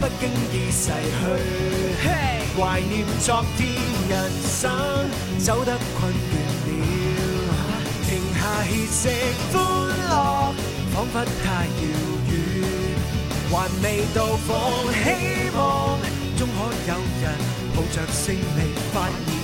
不經意逝去，懷念昨天，人生走得困倦了，停下歇息，歡樂仿佛太遙遠，還未到訪，希望終可有人抱着勝利發現。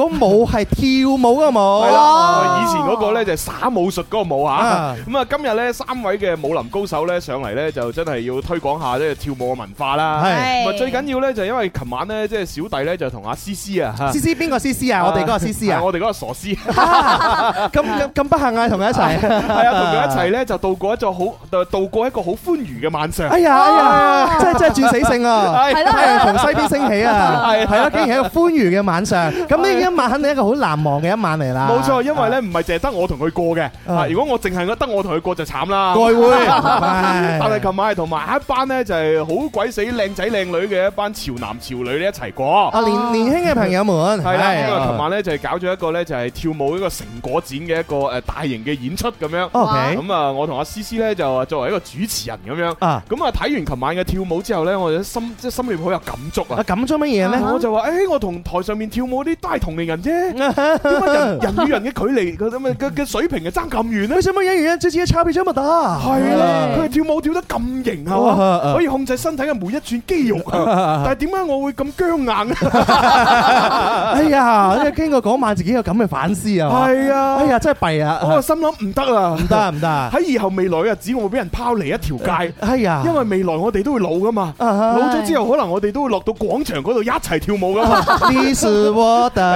個舞係跳舞個舞，係啦，以前嗰個咧就係耍武術個舞吓，咁啊今日咧三位嘅武林高手咧上嚟咧就真係要推廣下咧跳舞嘅文化啦。係，最緊要咧就因為琴晚咧即係小弟咧就同阿 CiCi 啊，CiCi 邊個 CiCi 啊？我哋嗰個 CiCi 啊？我哋嗰個傻 C，咁咁咁不幸啊，同佢一齊，係啊，同佢一齊咧就度過一座好，度度過一個好歡愉嘅晚上。哎呀哎呀，真真係轉死性啊，係咯，太陽從西邊升起啊，係係啦，竟然係一個歡愉嘅晚上，咁你。今晚肯定係一個好難忘嘅一晚嚟啦，冇錯，因為咧唔係淨係得我同佢過嘅，啊、如果我淨係覺得我同佢過就慘啦，聚會， 但係琴晚同埋一班咧就係、是、好鬼死靚仔靚女嘅一班潮男潮女咧一齊過，啊、年年輕嘅朋友們係啦，咁琴、 啊、晚咧就係、是、搞咗一個咧就係跳舞一個成果展嘅一個誒大型嘅演出咁樣，咁啊 Okay?、嗯、我同阿思思咧就作為一個主持人咁樣，咁啊睇完琴晚嘅跳舞之後咧，我哋心即係心裏好有感觸啊，感觸乜嘢咧？我就話誒，我同台上面跳舞嗰啲都係同。同齡人啫，點解人人與人嘅距離咁嘅嘅水平啊，爭咁遠咧？點解演員嘅只自己差別咁大？係咧，佢係跳舞跳得咁型啊，可以控制身體嘅每一寸肌肉。但係點解我會咁僵硬咧？哎呀，經過嗰晚，自己有咁嘅反思啊。係啊，哎呀，真係弊啊！我個心諗唔得啦，唔得唔得。喺以後未來啊，只會俾人拋離一條街。哎呀，因為未來我哋都會老噶嘛，老咗之後可能我哋都會落到廣場嗰度一齊跳舞噶。b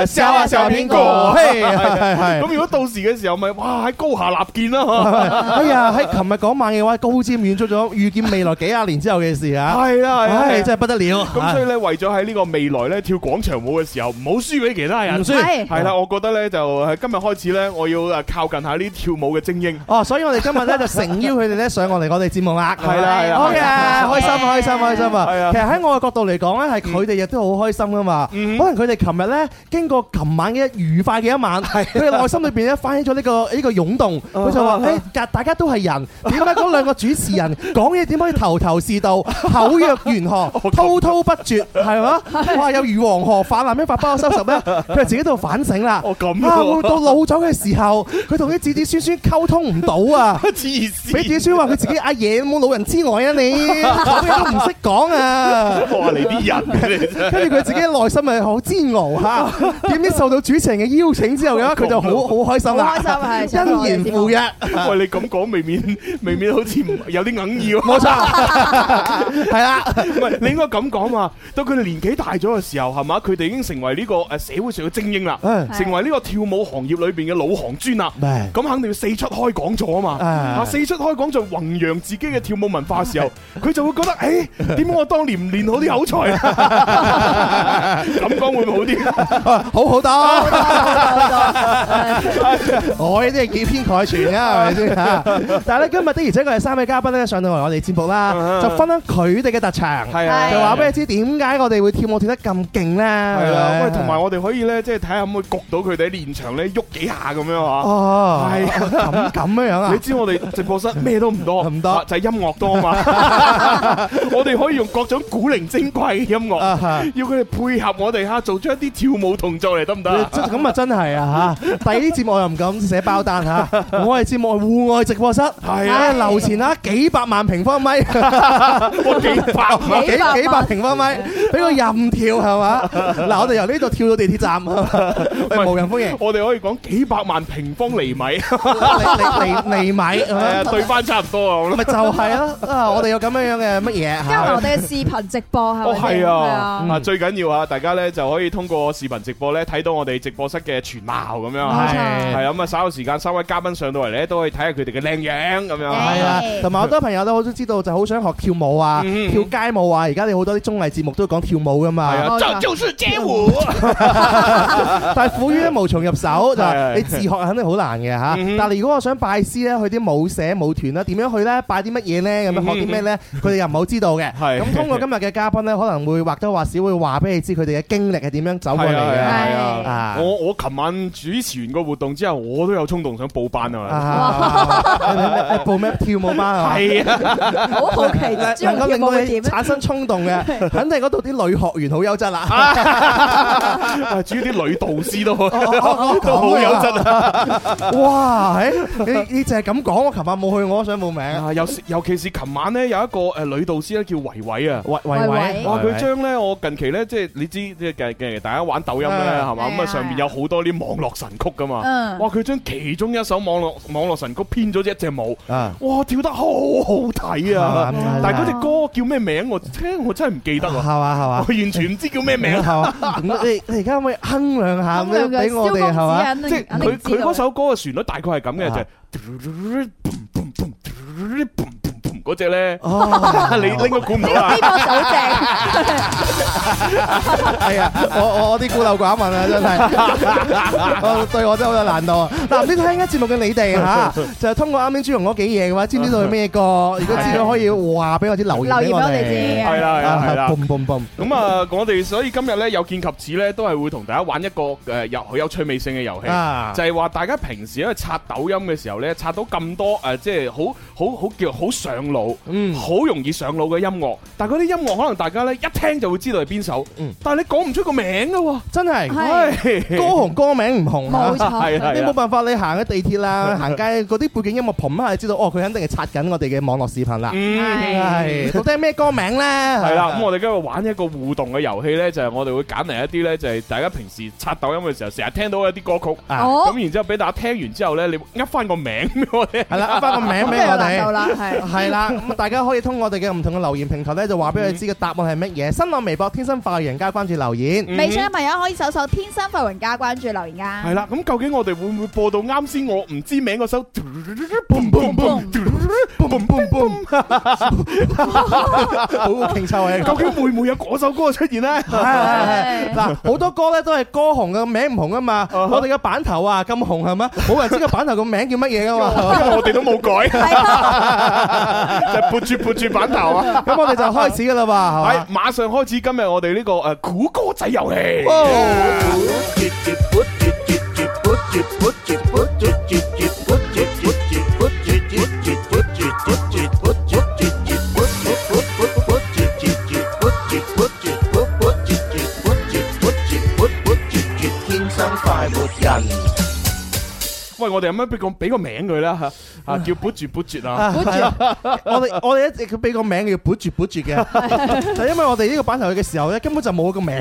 笑下笑下邊個？係係係。咁如果到時嘅時候，咪哇喺高下立見咯。哎呀，喺琴日講晚嘅話，高瞻遠矚咗，預見未來幾廿年之後嘅事啊。係啦，係真係不得了。咁所以咧，為咗喺呢個未來咧跳廣場舞嘅時候，唔好輸俾其他人。係係啦，我覺得咧就喺今日開始咧，我要誒靠近下呢啲跳舞嘅精英。哦，所以我哋今日咧就誠邀佢哋咧上我嚟我哋節目啦。係啦，係。好啊，開心開心開心啊！其實喺我嘅角度嚟講咧，係佢哋亦都好開心噶嘛。嗯。可能佢哋琴日咧經過。個琴晚嘅愉快嘅一晚，佢哋內心裏邊咧翻起咗呢個呢、這個湧動，佢就話：誒、uh, uh, uh, 欸，大家大家都係人，點解嗰兩個主持人講嘢點可以頭頭是道、口若懸河、滔滔不絕，係嘛？話、uh, 的有如黃河泛濫，一發不可收拾咩？佢自己度反省啦。哇，uh, uh, 到老咗嘅時候，佢同啲子子孫孫溝通唔到啊！黐、uh, 經子孫話佢自己阿爺冇老人癡呆啊！你口都唔識講啊！話嚟啲人跟住佢自己內心係好煎熬吓。啊 點知受到主持人嘅邀請之後咧，佢就好好開心啦，開心係，欣然赴約。喂，你咁講，未免未免好似有啲哽耳。冇錯，係啦。唔係你應該咁講嘛？到佢哋年紀大咗嘅時候，係嘛？佢哋已經成為呢個誒社會上嘅精英啦，成為呢個跳舞行業裏邊嘅老行專啦。咁肯定要四出開講座啊嘛。啊，四出開講座，弘揚自己嘅跳舞文化嘅時候，佢就會覺得，誒，點解我當年唔練好啲口才？咁講會唔會好啲？好好多，我呢啲係以偏概全噶，係咪先？但係咧，今日的而且確係三位嘉賓咧上到嚟我哋節目啦，就分享佢哋嘅特長，係啊，就話俾你知點解我哋會跳舞跳得咁勁咧。係啦，我哋同埋我哋可以咧，即係睇下可唔可以焗到佢哋喺練場咧喐幾下咁樣啊。哦，係咁咁樣啊！你知我哋直播室咩都唔多，唔多就係音樂多啊嘛。我哋可以用各種古靈精怪嘅音樂，要佢哋配合我哋吓，做出一啲跳舞同。做嚟得唔得？咁啊，真係啊嚇！第啲節目我又唔敢寫包單嚇。我係節目係戶外直播室，係啊，樓前啊，幾百萬平方米，幾百幾幾百平方米，俾個任跳係嘛？嗱，我哋由呢度跳到地鐵站，無人歡迎。我哋可以講幾百萬平方釐米，釐釐釐釐米，係咪？對翻差唔多啊！咪就係啦，啊，我哋有咁樣樣嘅乜嘢？加埋我哋嘅視頻直播係咪？哦，係啊！啊，最緊要啊，大家咧就可以通過視頻直播。咧睇到我哋直播室嘅全貌咁樣，係係咁啊！稍有時間，三位嘉賓上到嚟咧，都可以睇下佢哋嘅靚樣咁樣，係啦。同埋好多朋友都好想知道，就係好想學跳舞啊，跳街舞啊。而家你好多啲綜藝節目都講跳舞㗎嘛，就就係街舞，但係苦於無從入手就係你自學肯定好難嘅嚇。但係如果我想拜師咧，去啲舞社舞團啦，點樣去咧？拜啲乜嘢咧？咁樣學啲咩咧？佢哋又唔係好知道嘅。係咁，通過今日嘅嘉賓咧，可能會或多或少會話俾你知佢哋嘅經歷係點樣走過嚟嘅。係啊，我我琴晚主持完個活動之後，我都有衝動想報班啊！報咩跳舞班？係啊，好好奇啊！究竟會點？令到你產生衝動嘅，肯定嗰度啲女學員好優質啦。主要啲女導師都好，都好優質啊！哇！你你淨係咁講，我琴晚冇去，我都想報名。尤尤其是琴晚咧，有一個誒女導師咧叫維維啊，維維，哇！佢將咧我近期咧即係你知，即係近期大家玩抖音。係嘛咁啊？上邊有好多啲網絡神曲噶嘛，哇！佢將其中一首網絡網絡神曲編咗隻一隻舞，哇，跳得好好睇啊！但係嗰隻歌叫咩名？我聽我真係唔記得啊！係嘛係嘛，我完全唔知叫咩名。你你而家，可唔可以哼兩下俾我哋係嘛？即係佢佢嗰首歌嘅旋律大概係咁嘅就係。嗰隻咧，你應該估唔到啊？呢個好正，係啊！我我啲孤陋寡聞啊，真係，對我真係好有難度。嗱，啱先聽緊節目嘅你哋嚇，就係通過啱啱朱紅嗰幾嘢嘅話，知唔知道係咩歌？如果知道，可以話俾我啲留言。留言俾我哋知。係啦係啦，boom boom boom，咁啊，我哋所以今日咧有見及此咧，都係會同大家玩一個誒有好有趣味性嘅遊戲，就係話大家平時喺度刷抖音嘅時候咧，刷到咁多誒，即係好好好叫好上。腦，嗯，好容易上腦嘅音樂，但係嗰啲音樂可能大家咧一聽就會知道係邊首，嗯，但係你講唔出個名噶，真係係歌紅歌名唔紅，冇錯，係係，你冇辦法，你行喺地鐵啦，行街嗰啲背景音樂嘭一下，知道哦，佢肯定係刷緊我哋嘅網絡視頻啦，係，到底係咩歌名咧？係啦，咁我哋今日玩一個互動嘅遊戲咧，就係我哋會揀嚟一啲咧，就係大家平時刷抖音嘅時候，成日聽到一啲歌曲，哦，咁然之後俾大家聽完之後咧，你噏翻個名俾我聽，係啦，噏翻個名俾我哋，夠啦，係，係啦。咁大家可以通過我哋嘅唔同嘅留言平台咧，就話俾佢知個答案係乜嘢。新浪微博「天生發華人家」關注留言，微信嘅朋友可以搜搜「天生發華人家」關注留言啊。係啦，咁究竟我哋會唔會播到啱先我唔知名嗰首？究竟會唔會有嗰首歌出現呢？嗱，好多歌咧都係歌紅嘅名唔紅啊嘛。我哋嘅版頭啊咁紅係咩？冇人知個版頭個名叫乜嘢噶嘛？因為我哋都冇改。就撥住撥住板頭啊！咁我哋就開始噶啦吧。係， 馬上開始今日我哋呢個誒古歌仔遊戲。哦，天生快活人喂，我哋有咩俾個俾個名佢啦？啊，叫不絕不絕啊！我哋我哋一直佢俾個名叫不絕不絕嘅，就因為我哋呢個版頭嘅時候咧，根本就冇個名，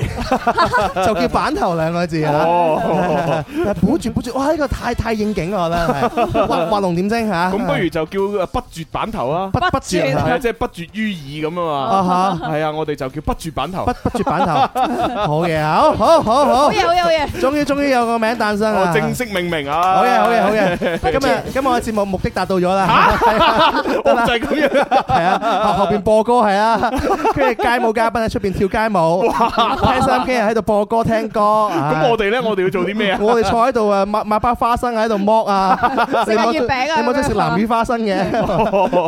就叫版頭兩個字啊！哦，不絕不絕，哇呢個太太應景啦！畫龍點睛吓。咁不如就叫不絕版頭啊！不不絕係啊，即係不絕於耳咁啊嘛。係啊，我哋就叫不絕版頭，不不絕版頭。好嘅，好好好好。好嘢，好嘢，好嘢！終於終於有個名誕生啦，正式命名啊。好嘢。好嘅，好嘅，今日今日嘅節目目的達到咗啦。得啦，就係咁樣，係啊，後後邊播歌係啊，跟住街舞嘉賓喺出邊跳街舞，聽收音機人喺度播歌聽歌。咁我哋咧，我哋要做啲咩啊？我哋坐喺度啊，買買包花生喺度剝啊，食月餅啊，你冇得食南乳花生嘅，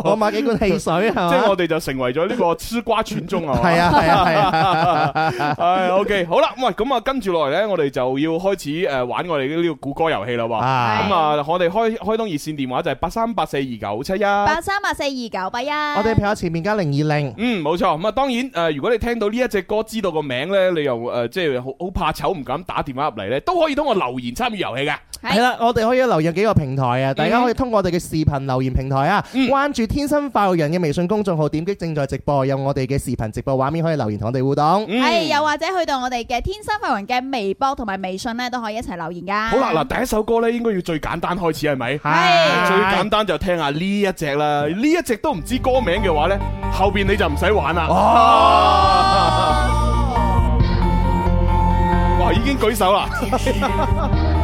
我買幾罐汽水係嘛？即係我哋就成為咗呢個吃瓜串中係嘛？係啊係啊係啊，係 OK。好啦，喂，咁啊跟住落嚟咧，我哋就要開始誒玩我哋呢個估歌遊戲啦喎。咁啊，我哋開開通熱線電話就係八三八四二九七一，八三八四二九八一，我哋朋友前面加零二零，嗯，冇錯。咁啊，當然誒、呃，如果你聽到呢一隻歌，知道個名呢，你又誒，即係好好怕醜，唔敢打電話入嚟呢，都可以通過留言參與遊戲嘅。係啦，我哋可以留言幾個平台啊！大家可以通過我哋嘅視頻留言平台啊，嗯、關注《天生快活人》嘅微信公眾號，點擊正在直播，有我哋嘅視頻直播畫面可以留言同我哋互動。係、嗯，又或者去到我哋嘅《天生快活人》嘅微博同埋微信咧，都可以一齊留言噶。好啦，嗱第一首歌咧，應該要最簡單開始係咪？係、啊、最簡單就聽下呢一隻啦，呢一隻都唔知歌名嘅話呢後邊你就唔使玩啦。哦、哇，已經舉手啦！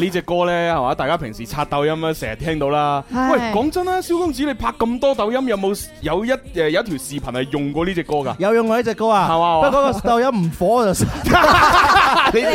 呢隻歌咧，係嘛？大家平時刷抖音咧，成日聽到啦。喂，講真啦，蕭公子你拍咁多抖音，有冇有一誒有一條視頻係用過呢隻歌㗎？有用過呢隻歌啊？係嘛？不過個抖音唔火就，就實因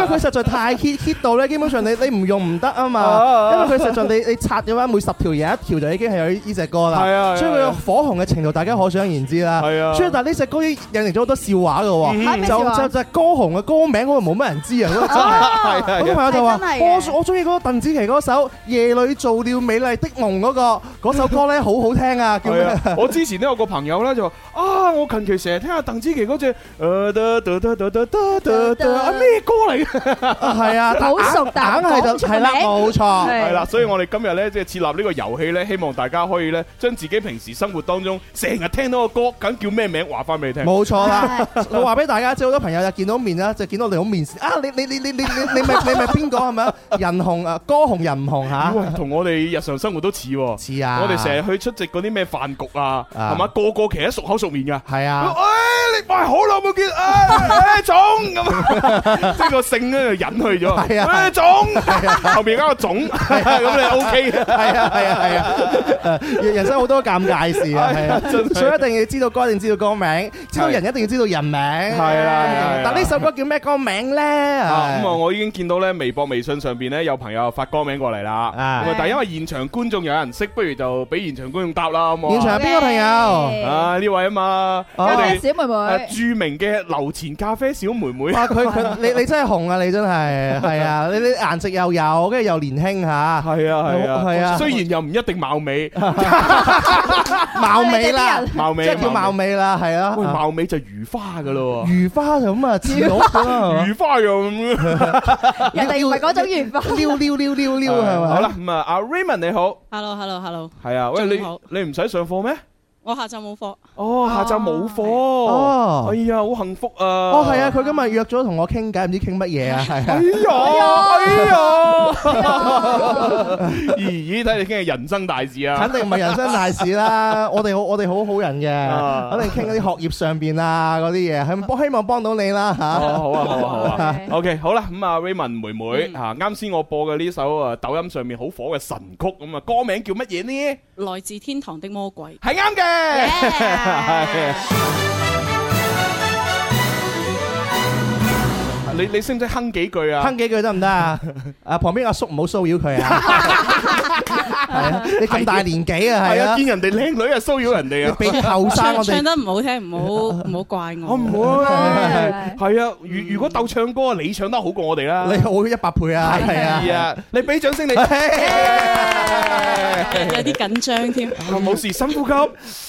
為佢實在太 hit hit 到咧，基本上你你唔用唔得啊嘛。因為佢實在你你刷嘅話，每十條有一條就已經係有呢隻歌啦。係啊，所以佢嘅火紅嘅程度，大家可想而知啦。係啊，所以但係呢隻歌引嚟咗好多笑話嘅喎，就就就歌紅嘅歌名我哋冇乜人知啊，係係。朋友就話：我我中意嗰個鄧紫棋嗰首《夜裏做了美麗的夢》嗰個嗰首歌咧，好好聽啊！係啊，我之前都有個朋友咧，就話啊，我近期成日聽下鄧紫棋嗰隻咩歌嚟嘅？係啊，好熟，但係就係啦，冇錯，係啦。所以我哋今日咧，即係設立呢個遊戲咧，希望大家可以咧，將自己平時生活當中成日聽到個歌，咁叫咩名，話翻俾你聽。冇錯啦，我話俾大家，即係好多朋友就，見到面啦，就見到你好面善啊！你你你你你你你咪你。邊個係咪啊？人紅啊，歌紅人唔紅吓。同我哋日常生活都似，似啊！我哋成日去出席嗰啲咩飯局啊，係嘛？個個其實熟口熟面噶。係啊。誒，你喂好耐冇見，誒，總咁啊，即係個姓咧就隱去咗。係啊，總。後面加個總，咁你 OK 嘅。係啊，係啊，係啊。誒，人生好多尷尬事啊，係啊。所以一定要知道歌，一定要知道歌名，知道人一定要知道人名。係啊。但呢首歌叫咩歌名咧？咁啊，我已經見到咧。微博、微信上邊咧，有朋友發歌名過嚟啦，咁啊，但係因為現場觀眾有人識，不如就俾現場觀眾答啦，好冇？現場邊個朋友？啊呢位啊嘛，咖啡小妹妹，著名嘅流前咖啡小妹妹。啊佢佢，你你真係紅啊！你真係係啊！你你顏值又有，跟住又年輕吓，係啊係啊係啊。雖然又唔一定貌美，貌美啦，貌美，即係叫貌美啦，係啊。喂，貌美就如花噶咯，如花咁啊，似如花咁啊，如花又咁。唔係嗰種緣分，撩撩撩撩撩係嘛？好啦，咁啊，阿 Raymond 你好，Hello，Hello，Hello，係啊，喂，你你唔使上課咩？我下晝冇課。哦，下晝冇課。哎呀，好幸福啊！哦，係啊，佢今日約咗同我傾偈，唔知傾乜嘢啊？係啊。哎呀，哎呀，咦咦，睇你傾係人生大事啊！肯定唔係人生大事啦，我哋好，我哋好好人嘅，肯定傾嗰啲學業上邊啊嗰啲嘢，幫希望幫到你啦吓。好啊，好啊，好啊。OK，好啦，咁啊 Raymond 妹妹吓，啱先我播嘅呢首啊抖音上面好火嘅神曲，咁啊歌名叫乜嘢呢？來自天堂的魔鬼，係啱嘅。你你識唔識哼幾句啊？哼幾句得唔得啊？啊 旁邊阿叔唔好騷擾佢啊！ 你咁大年紀啊，係啊，見人哋靚女啊，騷擾人哋啊，俾後生我哋唱得唔好聽，唔好唔好怪我。我唔會，係啊。如如果鬥唱歌，你唱得好過我哋啦。你好一百倍啊，係啊，你俾掌聲你聽。有啲緊張添，冇事，深呼吸。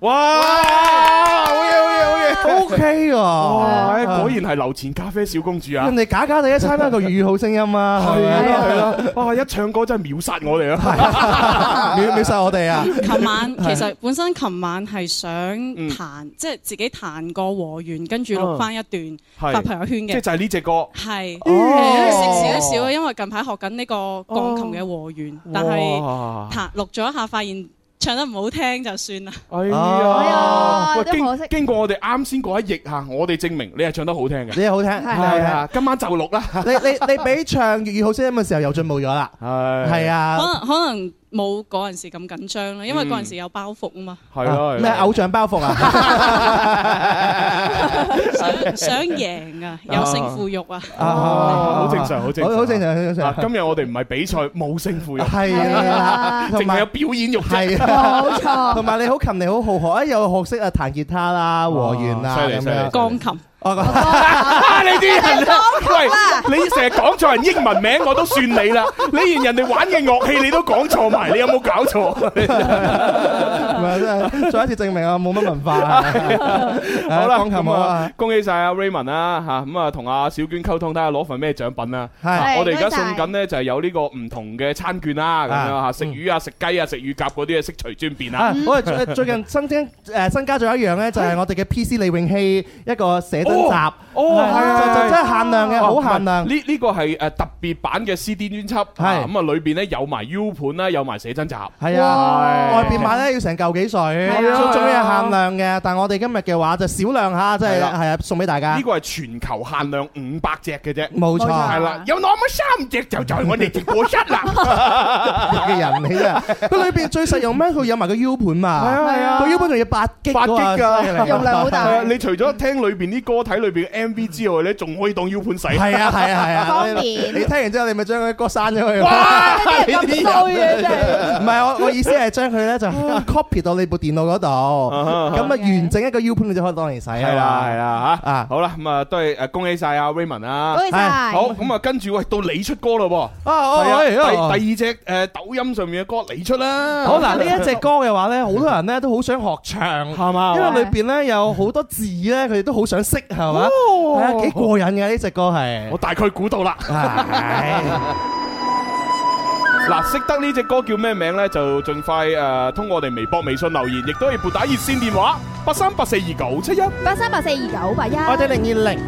哇！好嘢好嘢好嘢，O K 喎！哇，果然係流前咖啡小公主啊！人哋假假地參加個粵語好聲音啊，係啊！係咯！哇，一唱歌真係秒殺我哋啊！秒秒殺我哋啊！琴晚其實本身琴晚係想彈，即係自己彈個和弦，跟住錄翻一段發朋友圈嘅，即係就係呢隻歌。係，識少少，因為近排學緊呢個鋼琴嘅和弦，但係彈錄咗一下，發現。唱得唔好聽就算啦。哎呀，哎呀都可惜。經，經過我哋啱先嗰一役嚇，我哋證明你係唱得好聽嘅。你係好聽，係係啊，今晚就錄啦你。 你你你比唱粵語好聲音嘅時候又進步咗啦。係係啊。可能可能。冇嗰陣時咁緊張啦，因為嗰陣時有包袱啊嘛。係咯、嗯，咩、啊啊啊、偶像包袱啊？ 想想贏啊，有勝負慾啊。哦，好正常，好正，好正常，好正常。今日我哋唔係比賽，冇勝負慾。係啊，同埋有，有表演欲。啫。係啊，冇、啊、錯。同埋你好勤力，好好學啊，又學識啊彈吉他啦、和弦啦、鋼琴。你啲人啊，喂，你成日講錯人英文名，我都算你啦。你連人哋玩嘅樂器你都講錯埋，你有冇搞錯？唔係真係再一次證明我冇乜文化。好啦，鋼琴啊，恭喜晒阿 Raymond 啦吓，咁啊同阿小娟溝通，睇下攞份咩獎品啊。係，我哋而家送緊呢就係有呢個唔同嘅餐券啦，咁樣吓，食魚啊，食雞啊，食乳鴿嗰啲啊，悉隨尊便啦。啊，我哋最近新增誒新加咗一樣咧，就係我哋嘅 PC 李永熙一個寫集哦，係啊，就真係限量嘅，好限量。呢呢個係誒特別版嘅 CD 專輯，係咁啊，裏邊咧有埋 U 盤啦，有埋寫真集。係啊，外邊買咧要成嚿幾水，最重要係限量嘅。但係我哋今日嘅話就少量下，即係，係啊，送俾大家。呢個係全球限量五百隻嘅啫，冇錯。係啦，有攞咗三隻就就係我哋直播室啦嘅人嚟啊！佢裏邊最實用咩？佢有埋個 U 盤嘛，係啊係啊，個 U 盤仲要八 G 八 G 噶，容量好大。你除咗聽裏邊啲歌。睇裏邊嘅 M V 之外，你仲可以當 U 盤使。係啊係啊係啊，你聽完之後你咪將佢啲歌刪咗去。哇，咁衰啊真係！唔係我我意思係將佢咧就 copy 到你部電腦嗰度，咁啊完整一個 U 盤你就可以當嚟使。係啦係啦吓啊好啦咁啊都係誒恭喜晒阿 Raymond 啊！恭喜晒！好咁啊跟住喂到你出歌嘞喎啊！第二隻誒抖音上面嘅歌你出啦。好啦，呢一隻歌嘅話咧，好多人咧都好想學唱，係嘛？因為裏邊咧有好多字咧，佢哋都好想識。係嘛？幾過癮嘅呢隻歌係，我大概估到啦。嗱，識得呢隻歌叫咩名呢？就盡快誒，通過我哋微博、微信留言，亦都可以撥打熱線電話八三八四二九七一八三八四二九八一或者零二零。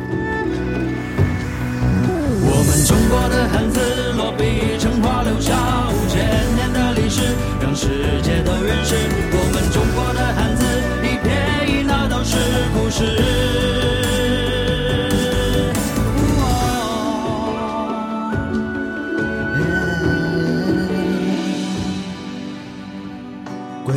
我們中國的漢字，落筆成畫，留下五千年的歷史，讓世界都認識。我們中國的漢字，一撇一捺都是故事。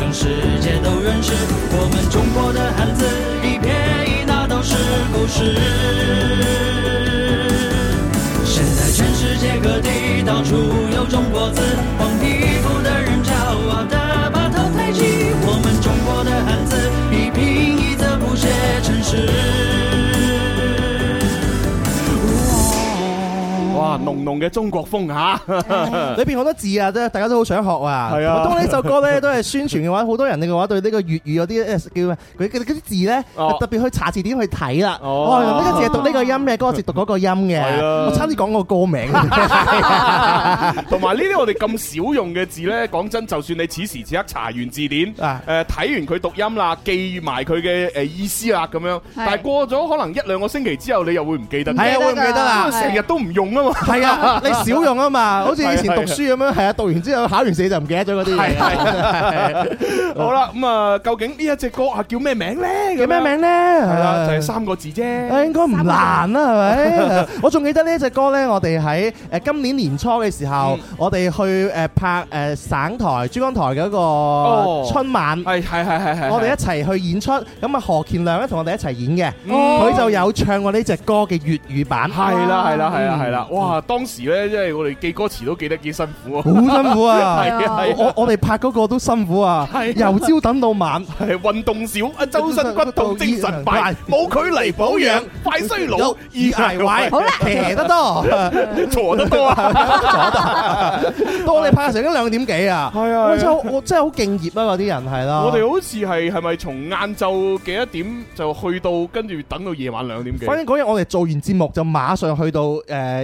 讓世界都認識我們中國的漢字，一撇一捺都是故事。用嘅中國風嚇，裏邊好多字啊，即係大家都好想學啊。係啊。當呢首歌咧都係宣傳嘅話，好多人嘅話對呢個粵語有啲叫咩？嗰啲字咧，特別去查字典去睇啦。哦，呢個字係讀呢個音，咩歌詞讀嗰個音嘅。我差啲講個歌名。同埋呢啲我哋咁少用嘅字咧，講真，就算你此時此刻查完字典，誒睇完佢讀音啦，記埋佢嘅誒意思啦，咁樣。但係過咗可能一兩個星期之後，你又會唔記得。係啊，會唔記得啦。因為成日都唔用啊嘛。係啊。你少用啊嘛，好似以前讀書咁樣，係啊，讀完之後考完試就唔記得咗嗰啲嘢。好啦，咁啊，究竟呢一隻歌係叫咩名咧？叫咩名咧？係啦，就係三個字啫。應該唔難啦，係咪？我仲記得呢一隻歌咧，我哋喺誒今年年初嘅時候，我哋去誒拍誒省台珠江台嘅一個春晚，係係係係。我哋一齊去演出，咁啊何建亮咧同我哋一齊演嘅，佢就有唱過呢隻歌嘅粵語版。係啦係啦係啦係啦，哇！當時咧，即係我哋記歌詞都記得幾辛苦啊，好辛苦啊！係啊，我我哋拍嗰個都辛苦啊，由朝等到晚，係運動少啊，周身骨痛，精神壞，冇佢嚟保養，快衰老，易挨壞。好啦，騎得多，坐得多啊！坐得多，我哋拍成咗兩點幾啊，係啊，我真我真係好敬業啊！嗰啲人係啦，我哋好似係係咪從晏晝幾多點就去到，跟住等到夜晚兩點幾？反正嗰日我哋做完節目就馬上去到誒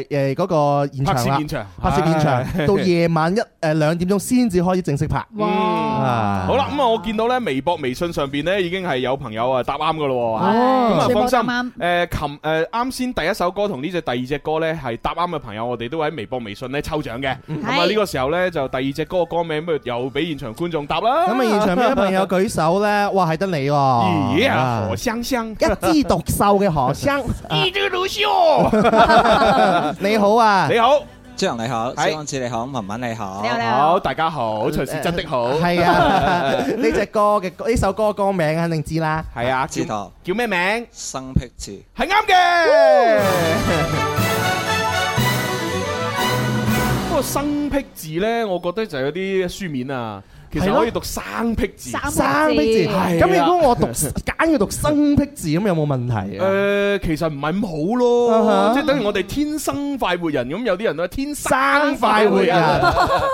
誒嗰個。拍攝現場，拍攝現場，到夜晚一誒兩點鐘先至開始正式拍。好啦，咁啊，我見到咧微博、微信上邊咧已經係有朋友啊答啱嘅咯。哦，咁啊放心。誒，琴誒，啱先第一首歌同呢隻第二隻歌咧係答啱嘅朋友，我哋都喺微博、微信咧抽獎嘅。咁啊，呢個時候咧就第二隻歌嘅歌名不如又俾現場觀眾答啦。咁啊，現場邊啲朋友舉手咧？哇，係得你。咦，何香香，一枝獨秀嘅何香，一枝獨秀。你好啊！你好，張良你好，是小安子你好，文文你好，你好，好，你好，大家好，徐 s i 真的好，係啊，呢隻歌嘅呢首歌歌名肯定知啦，係啊，知道叫咩叫名？生僻字係啱嘅，不過生僻字咧，我覺得就係有啲書面啊。其實可以讀生僻字，生僻字係。咁如果我讀，假如讀生僻字咁有冇問題啊？誒，其實唔係咁好咯，即係等於我哋天生快活人。咁有啲人啊天生快活人，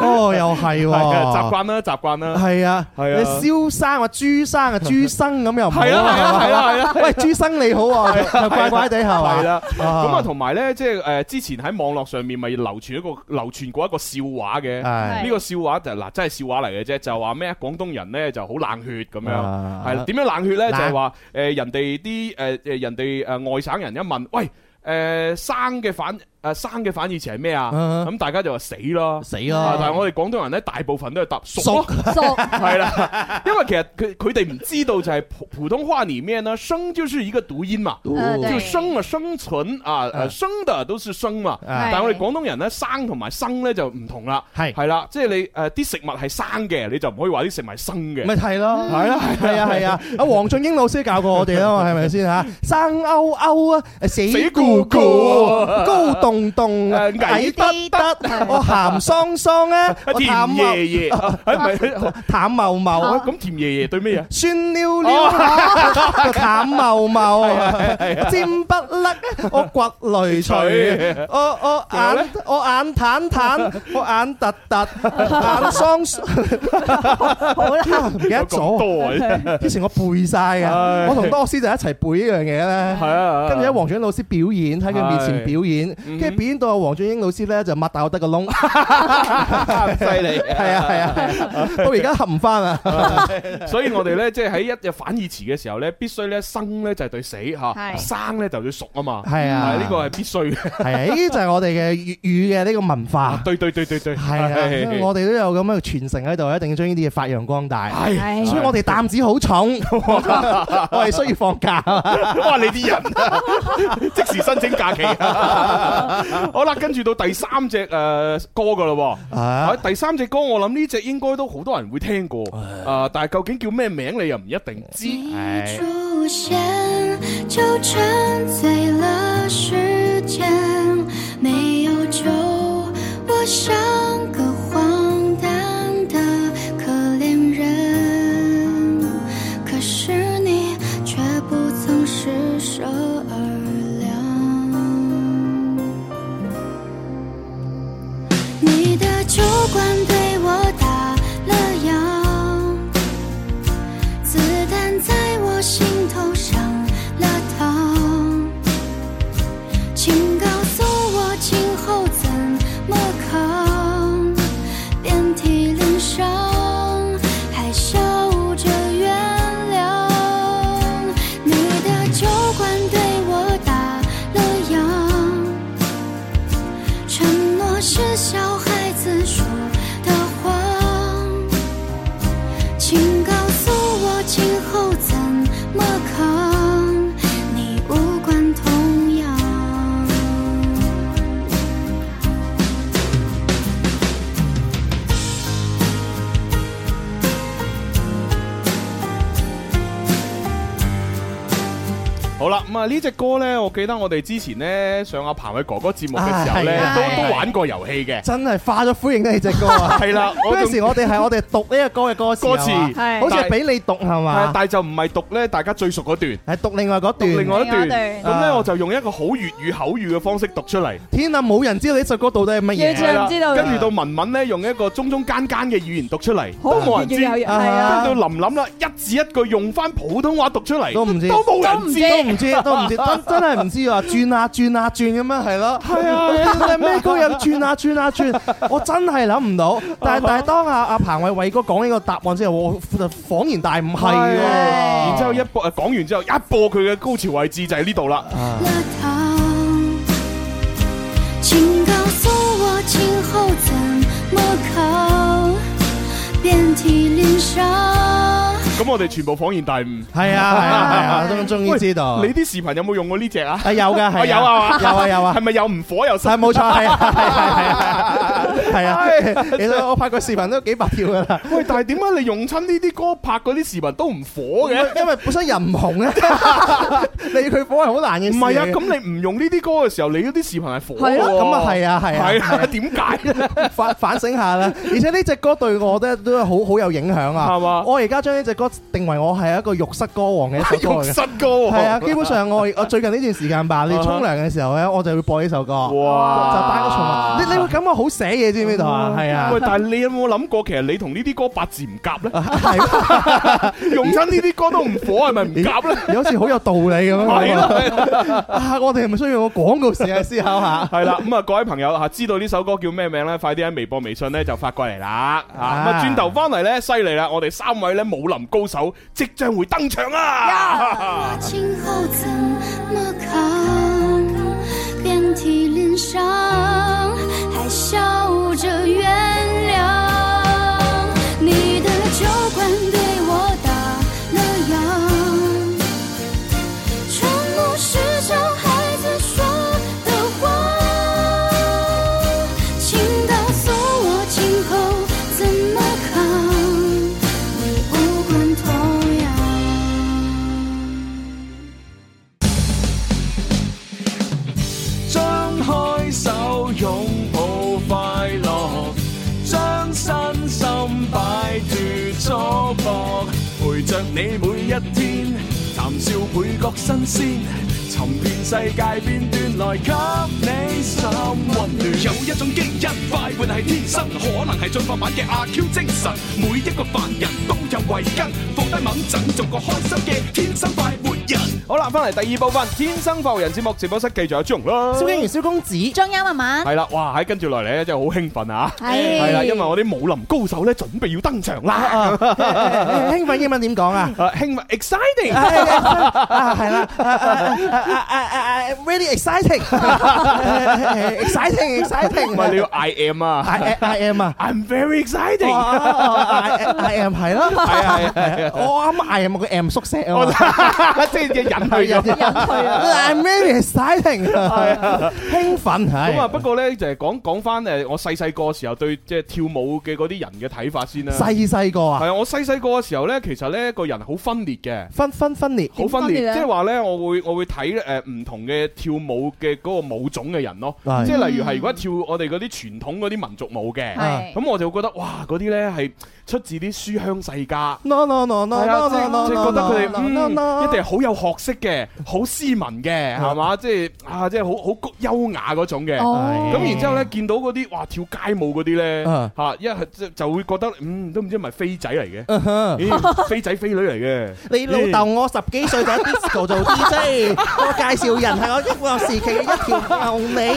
哦，又係喎，習慣啦，習慣啦，係啊，係啊，蕭生啊，朱生啊，朱生咁又唔係啦，係啊，係啦。喂，朱生你好啊，乖乖地係嘛？係啦。咁啊，同埋咧，即係誒，之前喺網絡上面咪流傳一個流傳過一個笑話嘅，呢個笑話就係嗱，真係笑話嚟嘅啫。又話咩啊？廣東人咧就好冷血咁樣，係啦、啊。點樣冷血咧？就係話誒人哋啲誒誒人哋誒外省人一問：喂誒、呃、生嘅反。誒、呃，生嘅反義詞係咩啊？咁、嗯嗯、大家就話死咯，死咯了、呃。但係我哋廣東人咧，大部分都係答熟係啦。因為其實佢佢哋唔知道就係普通話裏面咧，生就是一個讀音嘛，哦、叫生生「生啊生存啊，誒、呃、生的都是生嘛。但係我哋廣東人咧，生同埋生咧就唔同啦，係係啦，即係你誒啲食物係生嘅，你就唔可以話啲食物係生嘅。咪係咯，係咯、嗯，係啊，係啊。阿黃 俊英老師教過我哋啦，係咪先吓？生勾勾啊，死固咕」，「高度。 凍凍啊！矮得得，我鹹霜霜啊！甜爺爺，唔係，淡茂茂。咁甜爺爺對咩嘢？酸溜溜，淡茂茂，尖不甩，我骨雷脆，我我眼我眼坦坦，我眼突突，眼霜。好啦，唔記得咗。之前我背晒嘅，我同多師就一齊背呢樣嘢咧。係啊，跟住喺黃展老師表演，喺佢面前表演。即係變到阿黃俊英老師咧，就擘大我得個窿，犀利、 嗯！係啊係啊，到而家合唔翻啊！所以我哋咧，即係喺一隻反義詞嘅時候咧，必須咧生咧就係對死嚇，生咧就要熟啊嘛，係啊，呢個係必須。係呢，就係我哋嘅粵語嘅呢個文化、啊。對對對對對，係、 嗯、啊，我哋都有咁樣嘅傳承喺度，一定要將呢啲嘢發揚光大。係，所以我哋擔子好重，我係需要放假。哇、哎！你啲人即時申請假期。 好啦，跟住到第三隻誒、呃、歌噶啦，啊、第三隻歌我諗呢隻應該都好多人會聽過，誒、啊呃，但係究竟叫咩名你又唔一定知。如果。記得我哋之前咧上阿彭嘅哥哥節目嘅時候咧，都都玩過遊戲嘅，真係化咗灰，苦型嘅隻歌啊！係啦，嗰陣時我哋係我哋讀呢個歌嘅歌詞，好似係俾你讀係嘛？但係就唔係讀咧，大家最熟嗰段，係讀另外嗰段，另外一段。咁咧我就用一個好粵語口語嘅方式讀出嚟。天啊，冇人知呢隻歌到底係乜嘢啊！跟住到文文咧用一個中中間間嘅語言讀出嚟，都冇人知。跟住到琳琳啦，一字一句用翻普通話讀出嚟，都唔知，都冇人知，都唔知，都唔知，真係唔。知啊，啊，啊，轉 啊轉啊轉咁樣係咯，係啊，咩歌又轉啊轉啊轉，我真係諗唔到。但係但係，當阿阿彭偉偉哥講呢個答案之後，我恍然大悟係，了然之後一播講完之後，一播佢嘅高潮位置就喺呢度啦。啊啊請咁我哋全部恍然大悟，係啊，啊，都終於知道。你啲視頻有冇用過呢隻啊？啊有噶，係有啊，有啊，有啊，係咪又唔火又？係冇錯，係啊，係啊，係啊，係啊。其實我拍過視頻都幾百條噶啦。喂，但係點解你用親呢啲歌拍嗰啲視頻都唔火嘅？因為本身人唔紅咧，你佢火係好難嘅。唔係啊，咁你唔用呢啲歌嘅時候，你嗰啲視頻係火，係啊，咁啊係啊，係啊，係點解？反反省下咧。而且呢隻歌對我都都好好有影響啊，係嘛。我而家將呢隻歌。定為我係一個浴室歌王嘅一首歌，浴室歌王，係啊，基本上我我最近呢段時間吧，你沖涼嘅時候咧，我就會播呢首歌。哇！你你會感覺好寫嘢知唔知道啊？係啊。喂，但係你有冇諗過，其實你同呢啲歌八字唔夾咧？係啊，用親呢啲歌都唔火，係咪唔夾咧？又好似好有道理咁樣！我哋係咪需要個廣告時間思考下？係啦，咁啊，各位朋友吓，知道呢首歌叫咩名咧？快啲喺微博、微信咧就發過嚟啦！啊，咁啊，轉頭翻嚟咧，犀利啦！我哋三位咧，武林高。高手即將會登場啊！新鮮，尋遍世界片段來給你心溫暖。有一種基因快活係天生，可能係進化版嘅阿 Q 精神。每一個凡人都有慧根，放低猛枕做個開心嘅天生快活人。好啦，翻嚟第二部分《天生浮人》節目，直播室繼續有朱紅咯，蕭經理、蕭公子、張欣啊，嘛係啦，哇，跟住落嚟咧，真係好興奮啊！係啦，因為我啲武林高手咧，準備要登場啦！興奮英文點講啊？興奮 exciting 係啦，really exciting，exciting，exciting，唔係你要 I am 啊，I I am 啊，I'm very exciting，I am 係咯，我啱啱 I am 個 M 宿舍啊，即係隻人。係啊！係 啊！咩嘢？exciting，興奮係。咁啊， 不過咧就係講講返誒，我細細個時候對即係、就是、跳舞嘅嗰啲人嘅睇法先啦。細細個啊？係啊！我細細個嘅時候咧，其實咧個人好分裂嘅，分分分裂，好分裂，即係話咧，我會我會睇誒唔同嘅跳舞嘅嗰個舞種嘅人咯。即係的例如係如果跳我哋嗰啲傳統嗰啲民族舞嘅，咁的我就會覺得哇嗰啲咧係。出自啲書香世家，係啊，即係覺得佢哋一定係好有學識嘅，好斯文嘅，係嘛？即係啊，即係好好優雅嗰種嘅。咁然之後咧，見到嗰啲哇跳街舞嗰啲咧，吓，一係就會覺得嗯都唔知係咪飛仔嚟嘅，飛仔飛女嚟嘅。你老豆我十幾歲就喺 disco 做 DJ，我介紹人係我一個時期嘅一條牛尾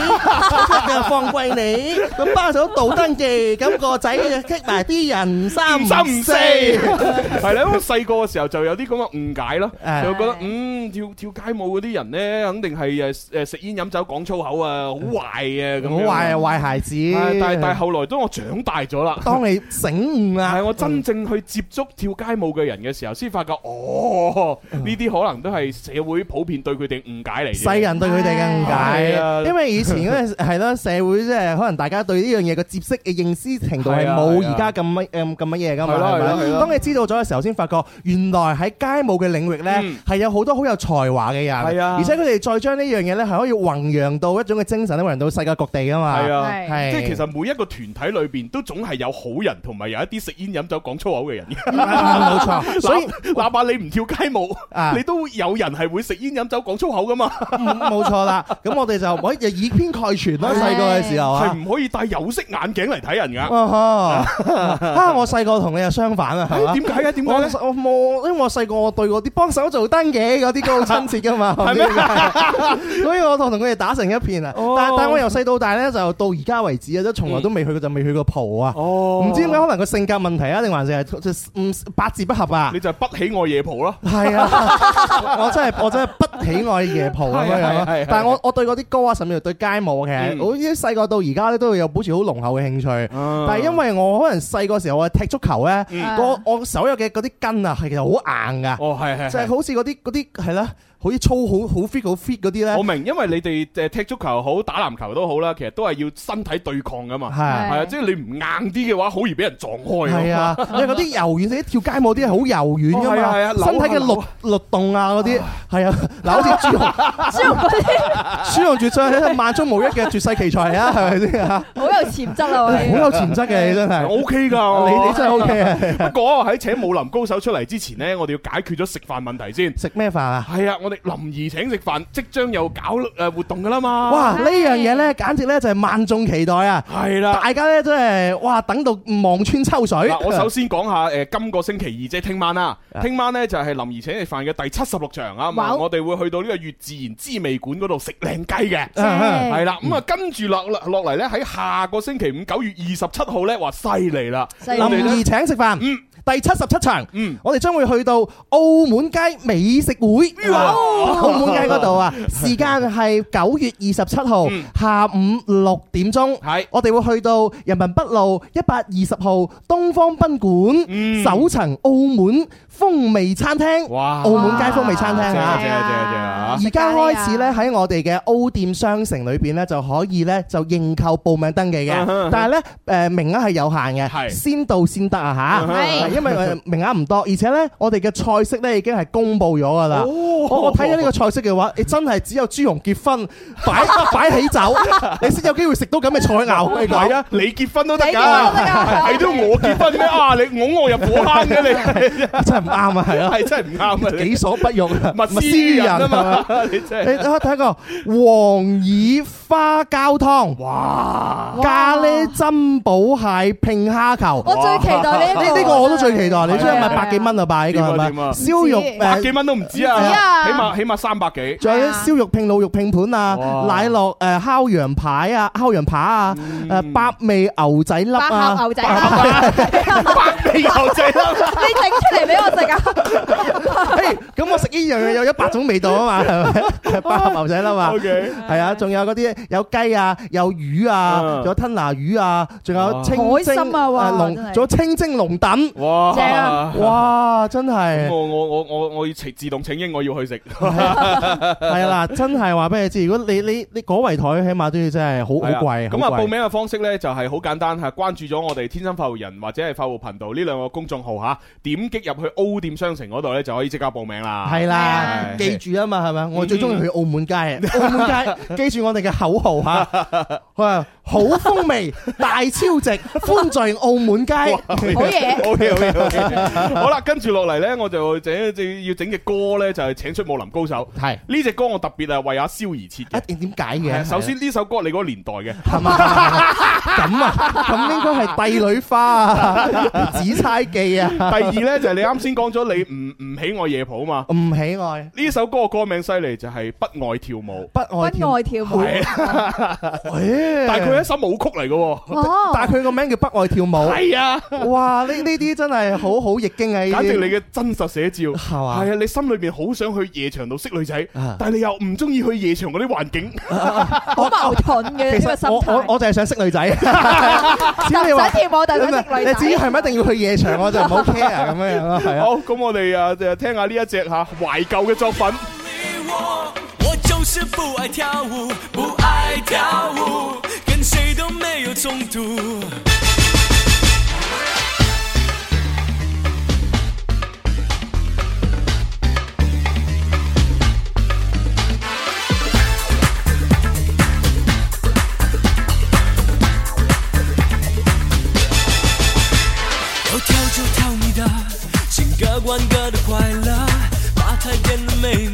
就放貴你，咁巴手倒登記咁個仔就棘埋啲人生。三唔四，係啦。咁細個嘅時候就有啲咁嘅誤解啦。就覺得嗯，跳跳街舞嗰啲人咧，肯定係誒誒食煙飲酒講粗口啊，好壞啊咁樣。好壞啊，壞孩子。但係但係後來當我長大咗啦。當你醒悟啦，係我真正去接觸跳街舞嘅人嘅時候，先發覺哦，呢啲可能都係社會普遍對佢哋誤解嚟嘅。世人對佢哋嘅誤解啊。因為以前嗰陣係咯，社會即係可能大家對呢樣嘢嘅接識嘅認知程度係冇而家咁咁咁。乜嘢噶嘛？係咯係咯。當你知道咗嘅時候，先發覺原來喺街舞嘅領域呢，係有好多好有才華嘅人。係啊，而且佢哋再將呢樣嘢呢，係可以弘揚到一種嘅精神，弘揚到世界各地噶嘛。係啊，即係其實每一個團體裏邊都總係有好人，同埋有一啲食煙飲酒講粗口嘅人。係啊，冇錯。所以哪怕你唔跳街舞，你都有人係會食煙飲酒講粗口噶嘛。冇錯啦。咁我哋就，我哋以偏概全啦。細個嘅時候係唔可以戴有色眼鏡嚟睇人噶。啊，我。細個同你又相反啊，係點解啊？點解？我冇，因為我細個我對嗰啲幫手做燈嘅嗰啲歌好親切噶嘛，所以 嗎我我同佢哋打成一片啊、哦！但但我由細到大咧，就到而家為止啊，都從來都未去過就未去過蒲啊！唔知點解可能個性格問題啊，定還是係八字不合啊？你就不喜愛夜蒲咯，係 啊！我真係我真係不喜愛夜蒲咁、 啊啊啊、但係我我對嗰啲歌啊，甚至對街舞嘅，嗯、其實我依啲細個到而家咧，都會有保持好濃厚嘅興趣。但係因為我可能細個時候我足球咧，我我手入嘅嗰啲筋啊，係其實好硬噶，哦，係，就係好似嗰啲嗰啲係啦。好粗好好 fit 好 fit 嗰啲咧，我明，因為你哋誒踢足球好，打籃球都好啦，其實都係要身體對抗噶嘛，係係啊，即係你唔硬啲嘅話，好易俾人撞開啊！係啊，因為嗰啲柔軟，你跳街舞啲係好柔軟噶嘛，係啊係啊，身體嘅律律動啊嗰啲係啊，嗱，好似朱紅朱紅嗰啲朱紅絕帥係萬中無一嘅絕世奇才啊，係咪先啊？好有潛質啊！好有潛質嘅你真係 OK 噶，你真係 OK 啊！不過喺請舞林高手出嚟之前咧，我哋要解決咗食飯問題先。食咩飯啊？係啊，我哋。林兒請食飯，即將又搞誒活動噶啦嘛！哇，呢的樣嘢呢，簡直呢，就係萬眾期待啊！係啦的，大家咧真係哇，等到望穿秋水。啊。我首先講下誒、呃，今個星期二即係聽晚啊，聽的晚呢，就係、是、林兒請食飯嘅第七十六場啊！我哋會去到呢個粵自然滋味館嗰度食靚雞嘅，係啦的。咁啊的，跟住落落嚟，呢，喺下個星期五九月二十七號呢，話犀利啦，的林兒請食飯。嗯第七十七層，嗯、我哋將會去到澳門街美食會，哇澳門街嗰度啊，哇時間係九月二十七號下午六點鐘，係是，我哋會去到人民北路一百二十號東方賓館、嗯、首層澳門。風味餐廳，哇！澳門街風味餐廳啊！正啊正啊正啊！而家開始咧喺我哋嘅 O 店商城裏邊咧，就可以咧就認購報名登記嘅。但係咧，誒，名額係有限嘅，係先到先得啊吓，係因為名額唔多，而且咧我哋嘅菜式咧已經係公布咗噶啦。我睇緊呢個菜式嘅話，你真係只有朱紅結婚擺擺喜酒，你先有機會食到咁嘅菜牛。你結婚都得噶，係都我結婚咩？啊，你拱我入火坑嘅你，真係。啱啊！係啊，係真係唔啱啊，己所不欲，勿施於人啊嘛！你睇下第一個黃耳花膠湯，哇！咖喱珍寶蟹拼蝦球，我最期待呢呢個，我都最期待。你出一米百幾蚊啊？吧呢個係咪？燒肉百幾蚊都唔止啊，起碼起碼三百幾。仲有啲燒肉拼老肉拼盤啊，奶酪誒烤羊排啊，烤羊排啊，誒百味牛仔粒啊，牛仔粒，百味牛仔粒，你整出嚟俾我。食啊！嘿，咁我食呢樣嘢有一百種味道啊嘛，係咪？包含牛仔啦嘛，OK，係啊，仲有嗰啲有雞啊，有魚啊，仲有吞拿魚啊，仲有清海參啊，哇！仲有清蒸龍躉，哇！正啊！哇！真係我我我我我要請自動請纓我要去食，係啊嗱，真係話俾你知，如果你你你嗰圍台起碼都要真係好好貴。咁啊報名嘅方式咧就係好簡單嚇，關注咗我哋天生發號人或者係發號頻道呢兩個公眾號嚇，點擊入去 O。高店商城嗰度咧，就可以即刻報名啦。係啦、啊，啊、記住啊嘛，係咪、啊啊、我最中意去澳門街啊！嗯嗯澳門街， 記住我哋嘅口號嚇。好啊。好風味，大超值，歡聚澳門街，好嘢。好啦，跟住落嚟咧，我就整要整隻歌咧，就係請出武林高手。係呢隻歌我特別係為阿蕭而設嘅。一定點解嘅？首先呢首歌你嗰個年代嘅。係嘛？咁啊，咁應該係帝女花、紫釵記啊。第二咧就係你啱先講咗你唔唔喜愛夜蒲啊嘛。唔喜愛呢首歌嘅歌名犀利就係不愛跳舞，不愛跳舞。但佢。一首舞曲嚟嘅，但係佢個名叫《不愛跳舞》。係啊，哇！呢呢啲真係好好易經啊！呢啲，簡直你嘅真實寫照。係啊，你心裏面好想去夜場度識女仔，但係你又唔中意去夜場嗰啲環境，好矛盾嘅。其實心我我就係想識女仔。但係跳舞，但係識女仔。你至於係咪一定要去夜場，我就唔好 care 咁樣咯，係啊。好，咁我哋啊誒聽下呢一隻吓懷舊嘅作品。誰都沒有衝突。要跳就跳你的，各管各的快樂，把台變得美。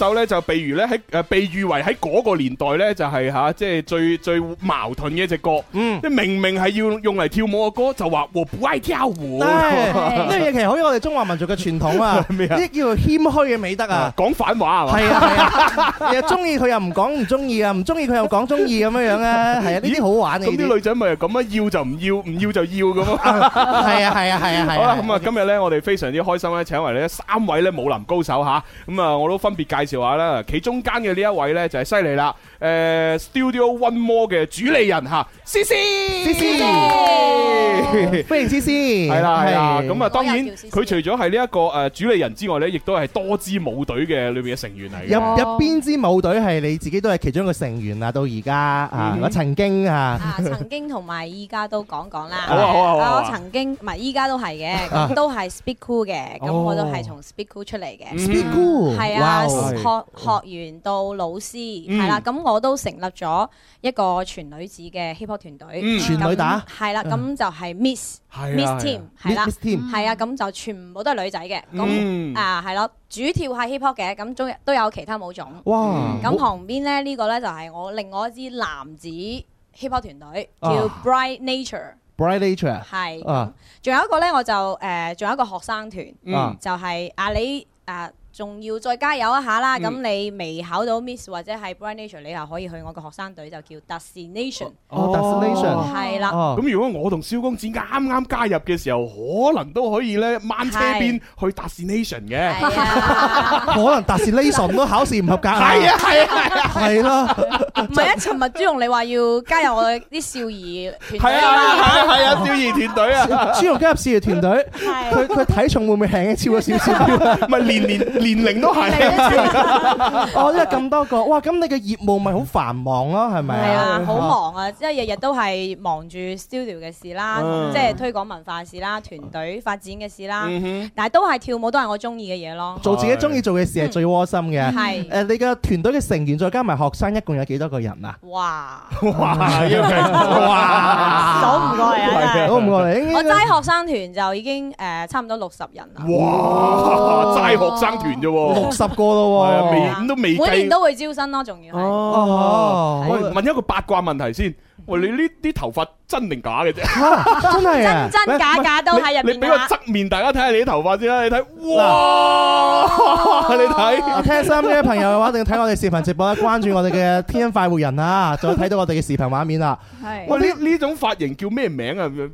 就咧就被如咧喺誒，被譽為喺嗰個年代咧，就係吓，即係最最矛盾嘅一隻歌。嗯，即明明係要用嚟跳舞嘅歌，就話《我不愛跳舞》。呢樣嘢其實好似我哋中華民族嘅傳統啊，呢叫做謙虛嘅美德啊。講反話啊嘛，係啊，又中意佢又唔講唔中意啊，唔中意佢又講中意咁樣樣咧，係啊，呢啲好玩嘅。咁啲女仔咪咁啊，要就唔要，唔要就要咁啊。係啊係啊係啊係。好啦，咁啊今日咧，我哋非常之開心咧，請嚟呢三位咧武林高手吓，咁啊，我都分別介。話啦，企中間嘅呢一位咧就係犀利啦，誒、呃、Studio One More 嘅主理人嚇，CiCi，CiCi。歡迎師師係啦，係啦，咁啊當然佢除咗係呢一個誒主理人之外咧，亦都係多支舞隊嘅裏邊嘅成員嚟。入入邊支舞隊係你自己都係其中一個成員啦，到而家啊，我曾經啊，曾經同埋依家都講講啦。好好好，我曾經唔係依家都係嘅，都係 Speak Cool 嘅，咁我都係從 Speak Cool 出嚟嘅。Speak Cool 係啊，學學員到老師係啦，咁我都成立咗一個全女子嘅 hiphop 團隊。全女打係啦，咁就係。Miss Miss Team 係啦，係啊，咁就全部都係女仔嘅，咁啊係咯，主跳係 hiphop 嘅，咁仲都有其他舞種。哇！咁旁邊咧呢個咧就係我另外一支男子 hiphop 團隊，叫 Bright Nature。Bright Nature 係。仲有一個咧，我就誒仲有一個學生團，就係阿李啊。仲要再加油一下啦！咁你未考到 Miss 或者係 Brown Nation，你又可以去我個學生隊就叫 Destination 哦，Destination 係啦。咁如果我同蕭公子啱啱加入嘅時候，可能都可以咧，掹車邊去 Destination 嘅，可能 Destination 都考試唔合格啊！係啊係啊係啦！唔係啊，尋日朱融你話要加入我哋啲少兒團啊！係啊係啊係啊，少兒團隊啊！朱融加入少兒團隊，佢佢體重會唔會輕超咗少少？唔係年年年。年齡都係，哦，因為咁多個，哇，咁你嘅業務咪好繁忙咯，係咪啊？係啊，好忙啊，即係日日都係忙住 studio 嘅事啦，即係推廣文化事啦，團隊發展嘅事啦，但係都係跳舞都係我中意嘅嘢咯。做自己中意做嘅事係最窩心嘅。係，誒，你嘅團隊嘅成員再加埋學生一共有幾多個人啊？哇！哇！哇！數唔過嚟啊！數唔過嚟。我齋學生團就已經誒差唔多六十人啦。哇！齋學生團。六十個咯、啊，都每年都會招生咯，仲要係。嗯喔、問一個八卦問題先，喂、嗯，你呢啲頭髮真定假嘅啫？啊？真係真真假假都喺入面。你俾個側面大家睇下你啲頭髮先啦，你睇，哇，啊、你睇。聽收音機嘅朋友嘅話，一定要睇我哋視頻直播啦，關注我哋嘅天快活人啦，再睇到我哋嘅視頻畫面啦。喂，呢呢種髮型叫咩名啊？唔樣、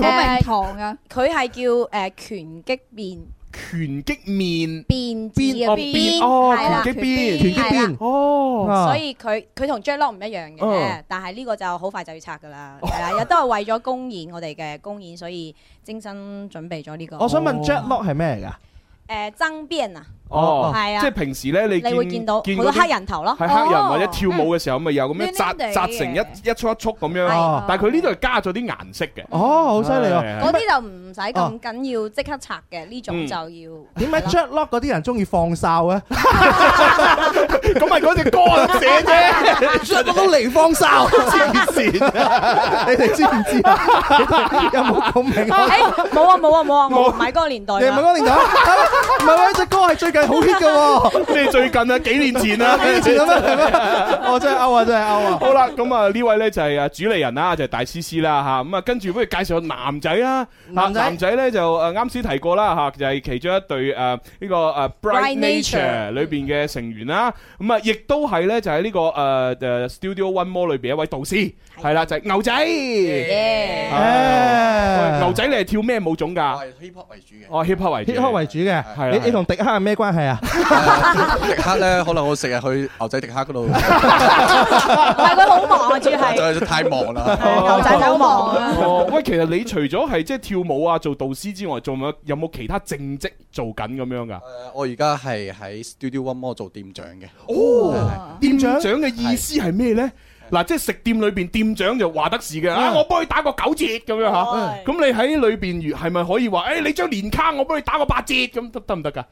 呃，我名堂啊，佢係叫誒拳擊面。拳擊面，邊邊哦邊哦拳擊邊拳擊邊哦，所以佢佢同 Jello 唔一樣嘅。哦、但係呢個就好快就要拆噶啦，係啦、哦，又都係為咗公演我哋嘅公演，所以精心準備咗呢、這個。哦、我想問 Jello 係咩嚟㗎？哦誒，爭邊啊！哦，係啊，即係平時咧，你你會見到好多黑人頭咯，係黑人或者跳舞嘅時候咪有咁樣紮紮成一一束一束咁樣，但係佢呢度係加咗啲顏色嘅。哦，好犀利啊！嗰啲就唔使咁緊要即刻拆嘅，呢種就要。點解 Jack Lock 嗰啲人中意放哨啊？咁咪嗰隻歌嚟寫啫，唱到 都離方哨黐線，你哋知唔知？有冇咁明？冇啊冇啊冇啊！我唔係嗰個年代，你唔係嗰個年代，唔係，喂，隻歌係最近好 hit 噶、啊，即係 最近啊？幾年前啊？幾年 前啊？ 我真係 out 啊！真係 out 啊！ 好啦，咁啊呢位咧就係啊主理人啦，就係、是、大 CiCi 啦吓，咁啊跟住不如介紹男仔啊，男仔咧就誒啱先提過啦吓，就係、是、其中一隊誒呢個誒、right、Bright Nature N ature 裏邊嘅成員啦。啊，咁啊，亦都係咧，就喺呢個誒誒 Studio One More 裏邊一位導師，係啦，就係牛仔。牛仔你係跳咩舞種噶？係 hip hop 為主嘅。哦，hip hop 為主，hip hop 為主嘅。係你你同迪克係咩關係啊？迪克咧，可能我成日去牛仔迪克嗰度，但係佢好忙，主要係太忙啦，牛仔好忙。哦，喂，其實你除咗係即係跳舞啊，做導師之外，仲有有冇其他正職做緊咁樣噶？誒，我而家係喺 Studio One More 做店長。哦，店長嘅意思係咩呢？嗱，即係食店裏邊店長就話得事嘅，嗯、啊，我幫你打個九折咁樣吓，咁、嗯啊、你喺裏邊係咪可以話？誒、欸，你張年卡我幫你打個八折咁得得唔得噶？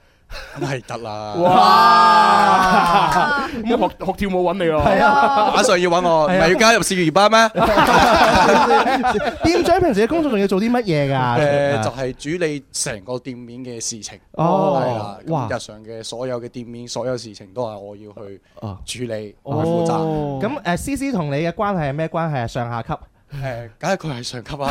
咁係得啦！哇，咁學學跳舞揾你咯，係啊，馬上要揾我，唔係要加入事業班咩？店長平時嘅工作仲要做啲乜嘢噶？誒，就係處理成個店面嘅事情。哦，係啦，咁日常嘅所有嘅店面所有事情都係我要去處理，我負責。咁誒，CiCi 同你嘅關係係咩關係啊？上下級？誒，梗係佢係上級啊。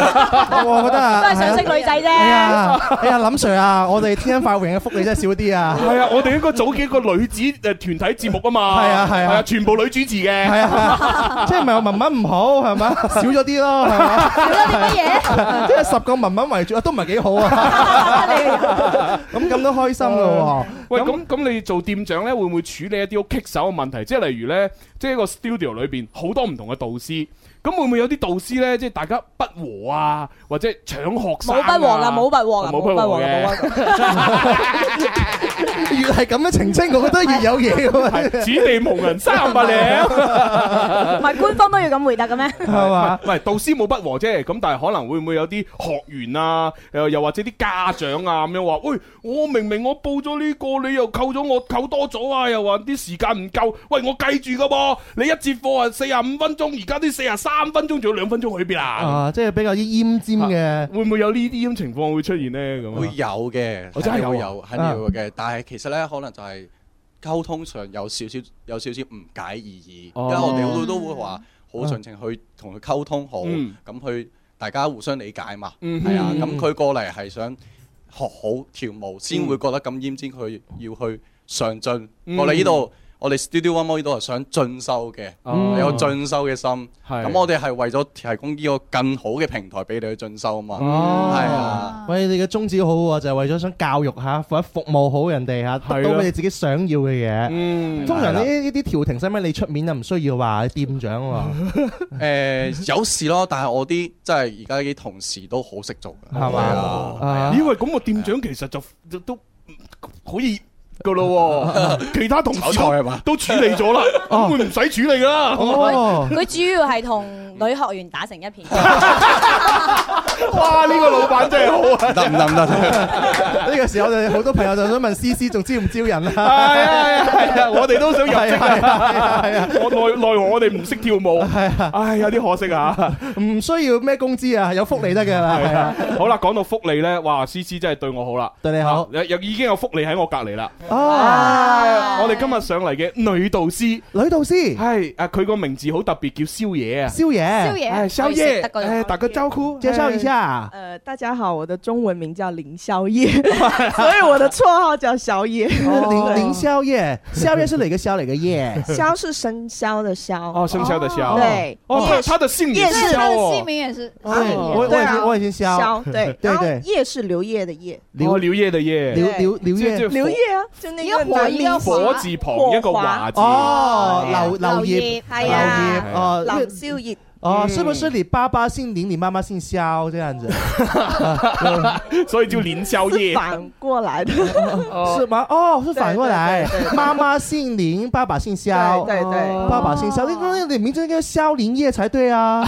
我覺得啊，都係想識女仔啫。哎呀，林 Sir 啊，我哋天恩快榮嘅福利真係少啲啊。係啊，我哋應該組幾個女子誒團體節目啊嘛。係啊係啊，全部女主持嘅。係啊，即係咪係文文唔好係咪？少咗啲咯，少咗啲乜嘢？即係十個文文圍住啊，都唔係幾好啊。咁咁都開心咯。喂，咁咁你做店長咧，會唔會處理一啲好棘手嘅問題？即係例如咧，即係一個 studio 裏邊好多唔同嘅導師。咁會唔會有啲導師咧，即係大家不和啊，或者搶學生？冇不和啊，冇不和啊，冇不和嘅。越係咁樣澄清，我覺得越有嘢。係此地無銀三百兩，唔係官方都要咁回答嘅咩？係嘛，唔係導師冇不和啫，咁但係可能會唔會有啲學員啊，誒，又或者啲家長啊咁樣話，喂，我明明我報咗呢個，你又扣咗我扣多咗啊，又話啲時間唔夠，喂，我計住噶噃，你一節課啊四十五分鐘，而家啲四十三。三分鐘仲有兩分鐘去邊啦？啊，即係比較啲奄尖嘅、啊，會唔會有呢啲咁情況會出現呢？咁會有嘅，我真係有會有係有嘅，啊、但係其實呢，可能就係溝通上有少少有少少唔解而已。哦、因為我哋好多都會話好盡情去同佢溝通好，咁去、嗯、大家互相理解嘛。係、嗯、哼啊，咁佢過嚟係想學好跳舞，先、嗯、會覺得咁奄尖，佢要去上進。過嚟呢度。嗯我哋 Studio One More 都係想進修嘅，有進修嘅心。咁我哋係為咗提供呢個更好嘅平台俾你去進修啊嘛。係啊，喂，你嘅宗旨好好就係為咗想教育下，或者服務好人哋吓，得到你自己想要嘅嘢。通常呢呢啲調停使乜你出面啊？唔需要話店長喎。誒，有事咯，但係我啲即係而家啲同事都好識做，係嘛？係啊，因為咁個店長其實就都可以。噶咯，其他同台係嘛都處理咗啦，咁佢唔使處理啦。佢主要係同女學員打成一片。哇，呢個老闆真係好啊！得唔得？得！呢個時候，我哋好多朋友就想問 CiCi，仲招唔招人啊？係啊，係啊我哋都想入職啊！我內內我哋唔識跳舞，係啊，唉，有啲可惜啊！唔需要咩工資啊？有福利得嘅啦。係啊，好啦，講到福利咧，哇，CiCi 真係對我好啦，對你好，有已經有福利喺我隔籬啦。啊！我哋今日上嚟嘅女導師，女導師係啊，佢個名字好特別，叫宵夜啊。宵夜，宵夜，宵夜。誒，打個招呼，介紹一下。誒，大家好，我的中文名叫林宵夜，所以我的綽號叫宵夜。林林宵夜，宵夜是哪個宵？哪個夜？宵是生肖的宵。哦，生肖的宵。對。哦，佢佢的姓名。夜宵。姓名也是。對啊。我我也姓我也姓肖。宵對對對。夜是劉燁的夜。哦，劉燁的夜。劉劉燁劉燁啊。一個火字旁一個華字花哦，劉劉燁，劉燁葉，劉少燁。哦，是不是你爸爸姓林，你媽媽姓肖這樣子，所以就林宵夜。反過來的，是嗎？哦，是反過來，媽媽姓林，爸爸姓肖，對對，爸爸姓肖，那那你名字應該肖林夜才對啊，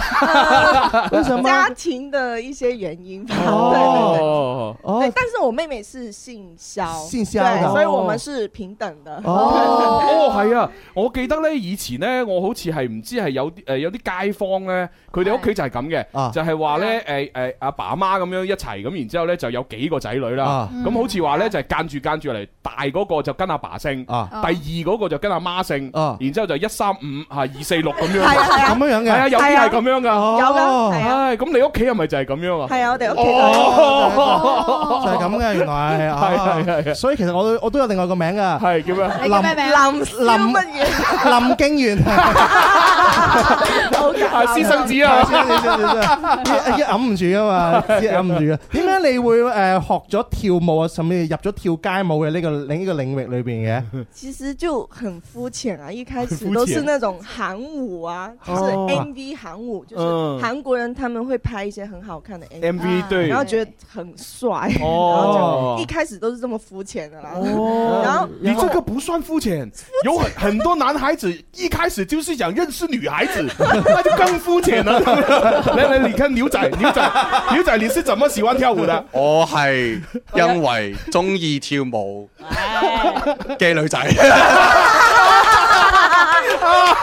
為什麼？家庭的一些原因，哦，哦，但是我妹妹是姓肖，姓肖，所以我們是平等的。哦，哦，係啊，我記得呢，以前呢，我好似係唔知係有啲誒有啲街坊。咧佢哋屋企就係咁嘅，就係話咧誒誒阿爸阿媽咁樣一齊咁，然之後咧就有幾個仔女啦，咁好似話咧就係間住間住嚟，大嗰個就跟阿爸姓，第二嗰個就跟阿媽姓，然之後就一三五吓二四六咁樣，係啊係啊咁樣樣嘅，係啊有啲係咁樣噶，有啊，係咁你屋企係咪就係咁樣啊？係啊，我哋屋企就係咁嘅，原來係係係，所以其實我我都有另外個名噶，係叫咩？林林林乜嘢？林敬元。冇嘅。私生子啊， 啊！一揞唔住啊嘛，揞唔住啊！點解你會誒學咗跳舞啊，甚至入咗跳街舞嘅呢、這個另一、這個領域裏邊嘅？其實就很膚淺啊，一開始都是那種韓舞啊，就是 MV 韓舞，就是韓國人他們會拍一些很好看的 MV，對，然後覺得很帥，啊、然後就一開始都是這麼膚淺的啦、哦。然後你這個不算膚淺，淺有很很多男孩子一開始就是想認識女孩子，那 就更，膚淺啊，你你你跟牛仔，牛 仔， 牛仔，你是怎麼喜歡跳舞的？ 我係因為中意跳舞嘅女仔。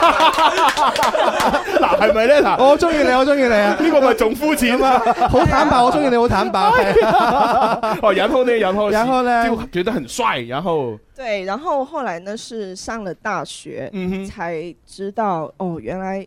嗱、 啊，係咪咧？嗱、啊，我中意你，我中意你啊！呢 個咪仲膚淺啊！好坦白， 哎、呀我中意你好坦白。哦、 哎呀， 然後呢？ 然後呢，然後就覺得很帥，然後對，然後後來呢？是上了大學，嗯哼、mm，hmm. 才知道哦，原來。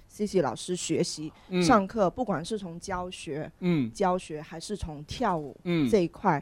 CiCi 老師學習，嗯、上課不管是從教學，嗯，教學還是從跳舞，嗯，這一塊。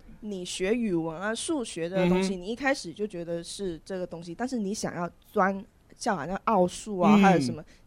你學語文啊，數學的東西，你一開始就覺得是這個東西，但是你想要鑽，叫好像奧數啊，還有什麼？嗯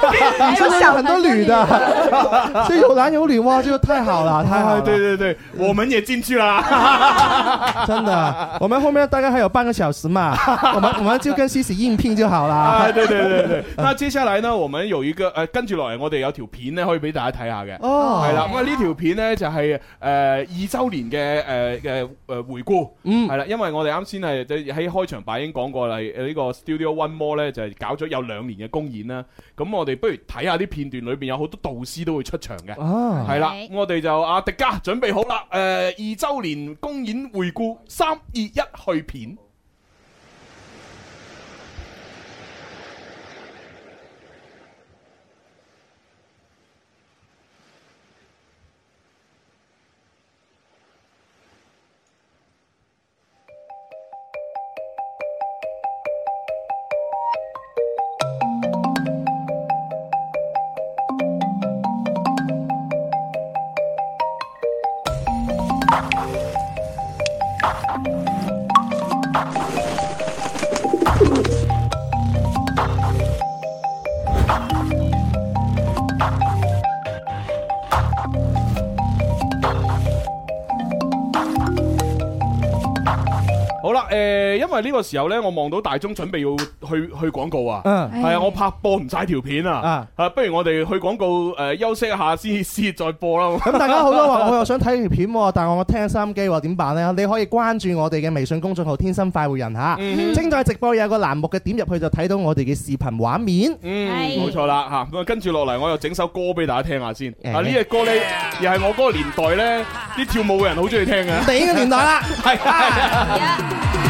真係有很多女的， 所以有男有女哇，就太好了。佢 對對對，我們也進去了 真的。我們後面大概還有半個小時嘛，我們我們就跟 CiCi 應聘就好了。 對對對對，那接下來呢，我們有一個誒，跟住落嚟，我哋有條片呢，可以俾大家睇下嘅。哦，係啦，咁啊呢條片呢，就係誒二周年嘅誒誒誒回顧。嗯，係啦，因為我哋啱先係喺開場白已經講過啦，誒呢個 Studio One More 咧就係搞咗有兩年嘅公演啦。咁我哋。不如睇下啲片段裡面，裏邊有好多導師都會出場嘅。係啦，我哋就阿迪加準備好啦，誒、呃，二周年公演回顧，三二一去片。呢個時候呢，我望到大鐘準備要去去廣告啊，係啊，我拍播唔晒條片啊，啊，不如我哋去廣告誒，休息一下先先再播啦。咁大家好多話，我又想睇條片，但係我聽收音機，點辦呢？你可以關注我哋嘅微信公眾號《天生快活人》吓，正在直播有個欄目嘅，點入去就睇到我哋嘅視頻畫面。嗯，冇錯啦吓，咁跟住落嚟，我又整首歌俾大家聽下先。啊呢隻歌呢，又係我嗰個年代呢啲跳舞嘅人好中意聽嘅。你呢個年代啦，係。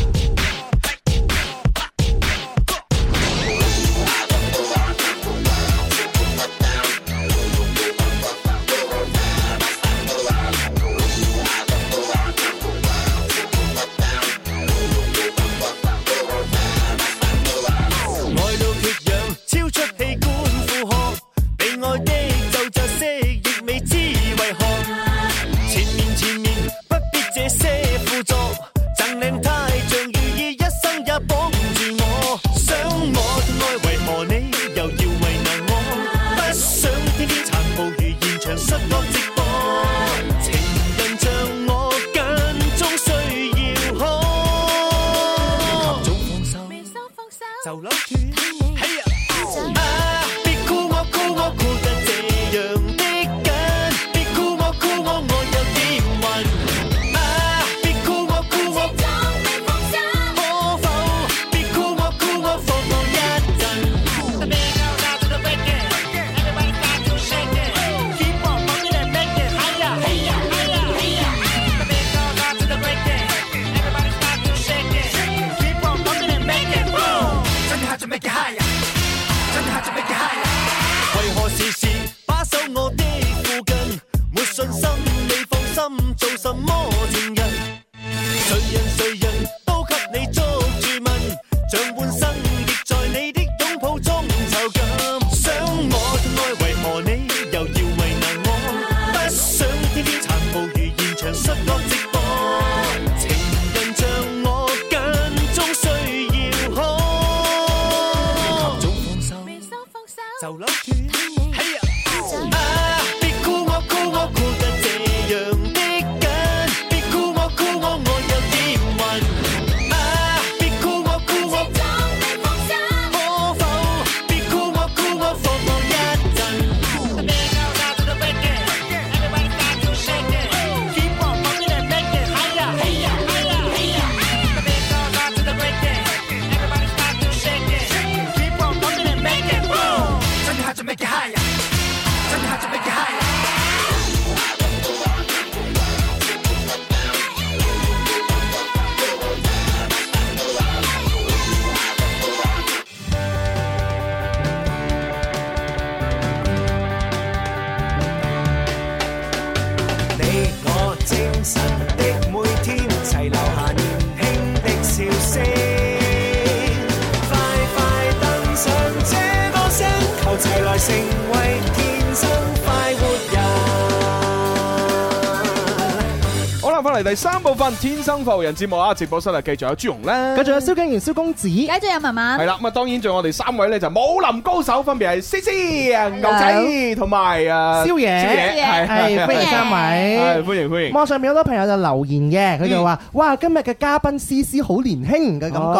第三部分天生浮人節目啊！直播室啊，繼續有朱紅啦，仲有蕭敬堯、蕭公子，仲有文文，係啦。咁啊，當然仲有我哋三位咧，就武林高手，分別係 CiCi 啊、牛仔同埋啊宵夜，係係係三位，係歡迎歡迎。網上面好多朋友就留言嘅，佢就話：哇，今日嘅嘉賓 CiCi 好年輕嘅感覺，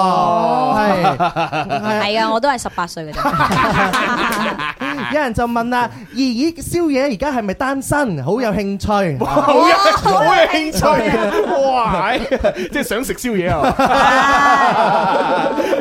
係係啊，我都係十八歲嘅啫。有人就問啦，二姨宵夜而家係咪單身？好有興趣，好有哇，好哇有興趣啊！哇， 即係想食宵夜啊！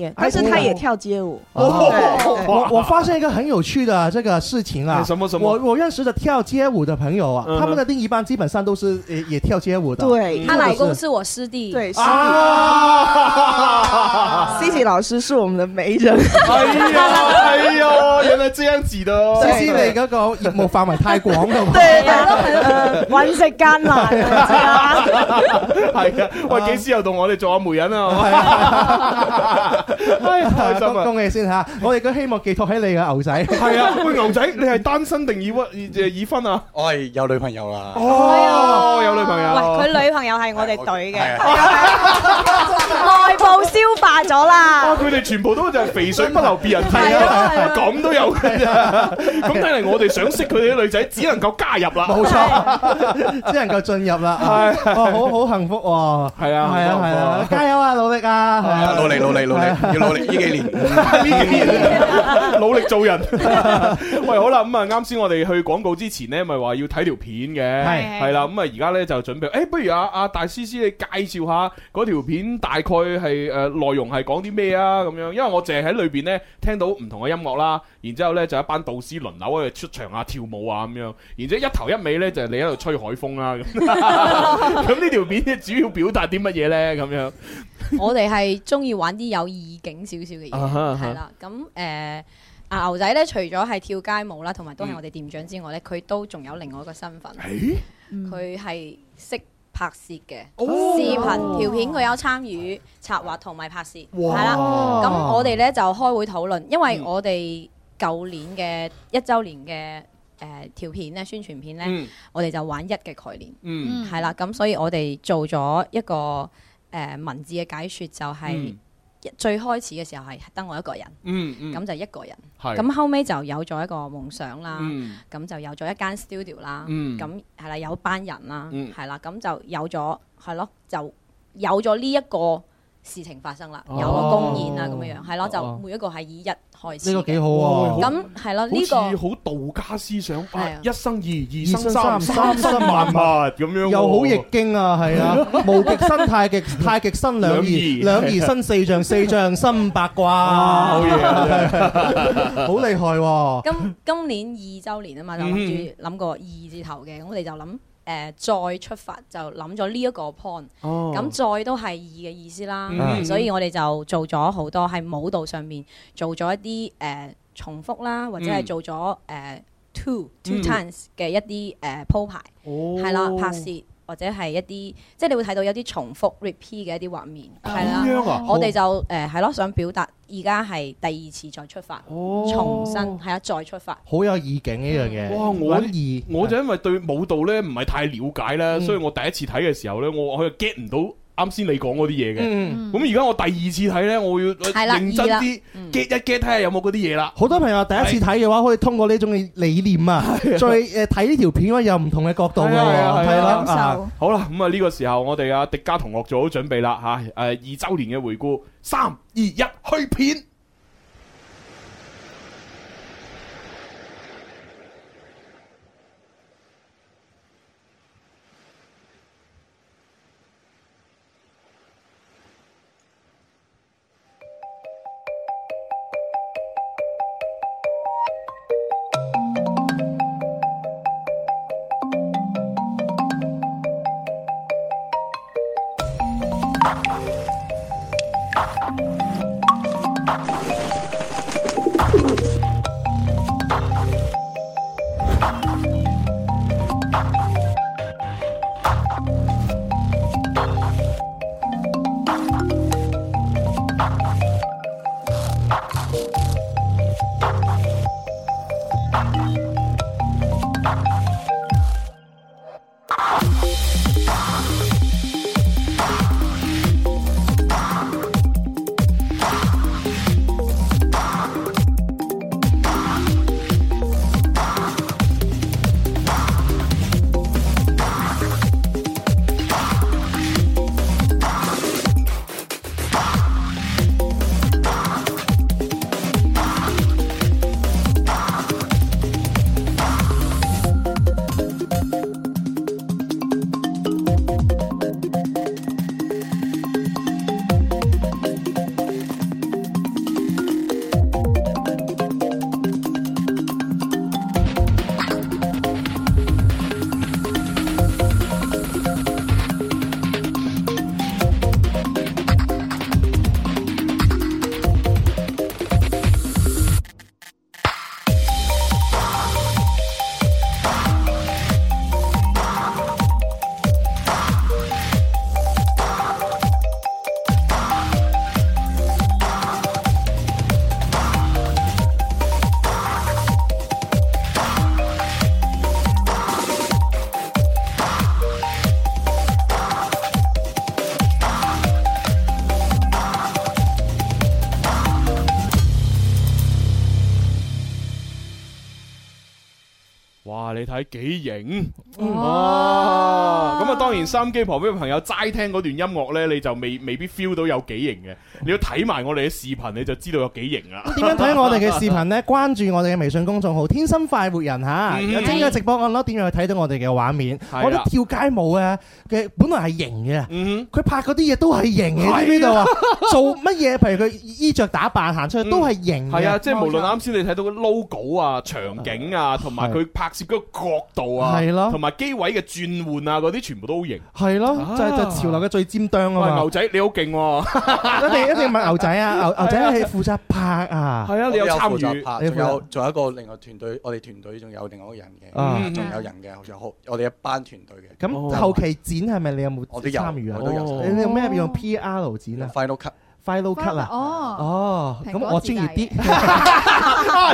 但是他也跳街舞，我我發現一個很有趣的這個事情啊，什麼什麼，我我認識的跳街舞的朋友啊，他們的另一半基本上都是也也跳街舞的。對，他老公是我師弟，對，啊，Cici 老師是我們的媒人。哎呀，哎呀，原來這樣子的，Cici 你嗰個業務範圍太廣了，對啊，揾食艱難，係啊，喂，幾時又同我哋做阿媒人啊？恭喜先吓，我哋都希望寄託喺你嘅牛仔。係啊，牛仔，你係單身定已婚？誒，已婚啊！我係有女朋友啦。哦，有女朋友。喂，佢女朋友係我哋隊嘅，內部消化咗啦。哦，佢哋全部都就係肥水不流別人田啊！咁都有嘅，咁睇嚟我哋想識佢哋啲女仔，只能夠加入啦。冇錯，只能夠進入啦。哦，好好幸福。係啊，係啊，係啊，加油啊，努力啊！努力，努力，努力。要努力呢幾年， 努力做人。 喂，好啦，咁啊，啱先我哋去廣告之前呢，咪話要睇條片嘅，係啦是，咁啊，而家呢，就準備，誒、欸，不如啊，阿大 CiCi 你介紹下嗰條片大概係誒內容係講啲咩啊？咁樣，因為我淨係喺裏邊呢聽到唔同嘅音樂啦，然之後咧就一班導師輪流喺度出場啊，跳舞啊咁樣，然之後一頭一尾呢，就係你喺度吹海風啦。咁呢條片主要表達啲乜嘢呢？咁樣？我哋係中意玩啲有意境少少嘅嘢，係啦。咁誒，牛仔咧除咗係跳街舞啦，同埋都係我哋店長之外咧，佢都仲有另外一個身份。佢係識拍攝嘅，視頻條片佢有參與策劃同埋拍攝，係啦。咁我哋咧就開會討論，因為我哋舊年嘅一週年嘅誒條片咧宣傳片咧，我哋就玩一嘅概念，係啦。咁所以我哋做咗一個。誒、呃、文字嘅解說就係、是嗯、最開始嘅時候係得我一個人，咁、嗯嗯、就一個人。咁是後尾就有咗一個夢想啦，咁、嗯、就有咗一間 studio 啦，咁係啦，有班人啦，係啦，咁就有咗係咯，就有咗呢一個事情發生啦，有個公演啊，咁樣樣，係咯，就每一個係以日開始，呢個幾好啊，咁係咯，呢個好道家思想，一生二，二生三，三生萬物咁樣，又好易經啊，係啊，無極生太極，太極生兩儀，兩儀生四象，四象生八卦，好嘢，好厲害喎。今今年二週年啊嘛，就諗住諗過二字頭嘅，我哋就諗。誒、呃、再出發就諗咗呢一個 point，oh。咁再都係二嘅意思啦，mm hmm。所以我哋就做咗好多喺舞蹈上面做咗一啲誒、呃、重複啦，或者係做咗誒、呃、two two times 嘅、mm hmm. 一啲誒、呃、鋪排，係、oh。啦拍攝。或者係一啲，即係你會睇到有啲重複 repeat 嘅一啲畫面，係、啊、啦。Oh. 我哋就誒係咯，想表達而家係第二次再出發，oh. 重新係啊，再出發。好有意境呢樣嘢。哇！我意我就因為對舞蹈咧唔係太了解啦，的所以我第一次睇嘅時候咧，我我 get 唔到。啱先你講嗰啲嘢嘅，咁而家我第二次睇呢，我要認真啲、嗯、get 一 get 睇下有冇嗰啲嘢啦。好多朋友第一次睇嘅話，是可以通過呢種理念啊，再誒睇呢條片嘅話，有唔同嘅角度係咯。啊啊、好啦，咁啊呢個時候我哋阿、啊、迪加同學做好準備啦、吓、啊、誒二周年嘅回顧，三二一去片。幾型哦，咁哇啊，當然收音機旁邊嘅朋友齋聽嗰段音樂咧，你就未未必 feel 到有幾型嘅。你要睇埋我哋嘅視頻，你就知道有幾型啊！咁點樣睇我哋嘅視頻呢？關注我哋嘅微信公眾號《天生快活人》吓，有精嘅直播按扭，點樣去睇到我哋嘅畫面？啊、我覺得跳街舞嘅佢本來係型嘅，佢、嗯、拍嗰啲嘢都係型嘅呢邊度啊！做乜嘢？譬如佢衣着打扮、行出去、嗯、都係型嘅。係啊，即係無論啱先你睇到嘅 logo 啊、場景啊，同埋佢拍攝嗰個角度啊，係咯，同埋機位嘅轉換啊，嗰啲、啊、全部都好型。係咯、啊啊，就就係、潮流嘅最尖端啊！喂，牛仔你好勁、啊。 一定唔係牛仔啊！牛牛仔係負責拍啊，係啊，你有參與。你有仲有一個另外團隊，我哋團隊仲有另外一個人嘅，仲有人嘅，好似好我哋一班團隊嘅。咁後期剪係咪你有冇參與啊？我都有。你用咩用 P R 剪啊？Final Cut，Final Cut 啊？哦哦，咁我專業啲。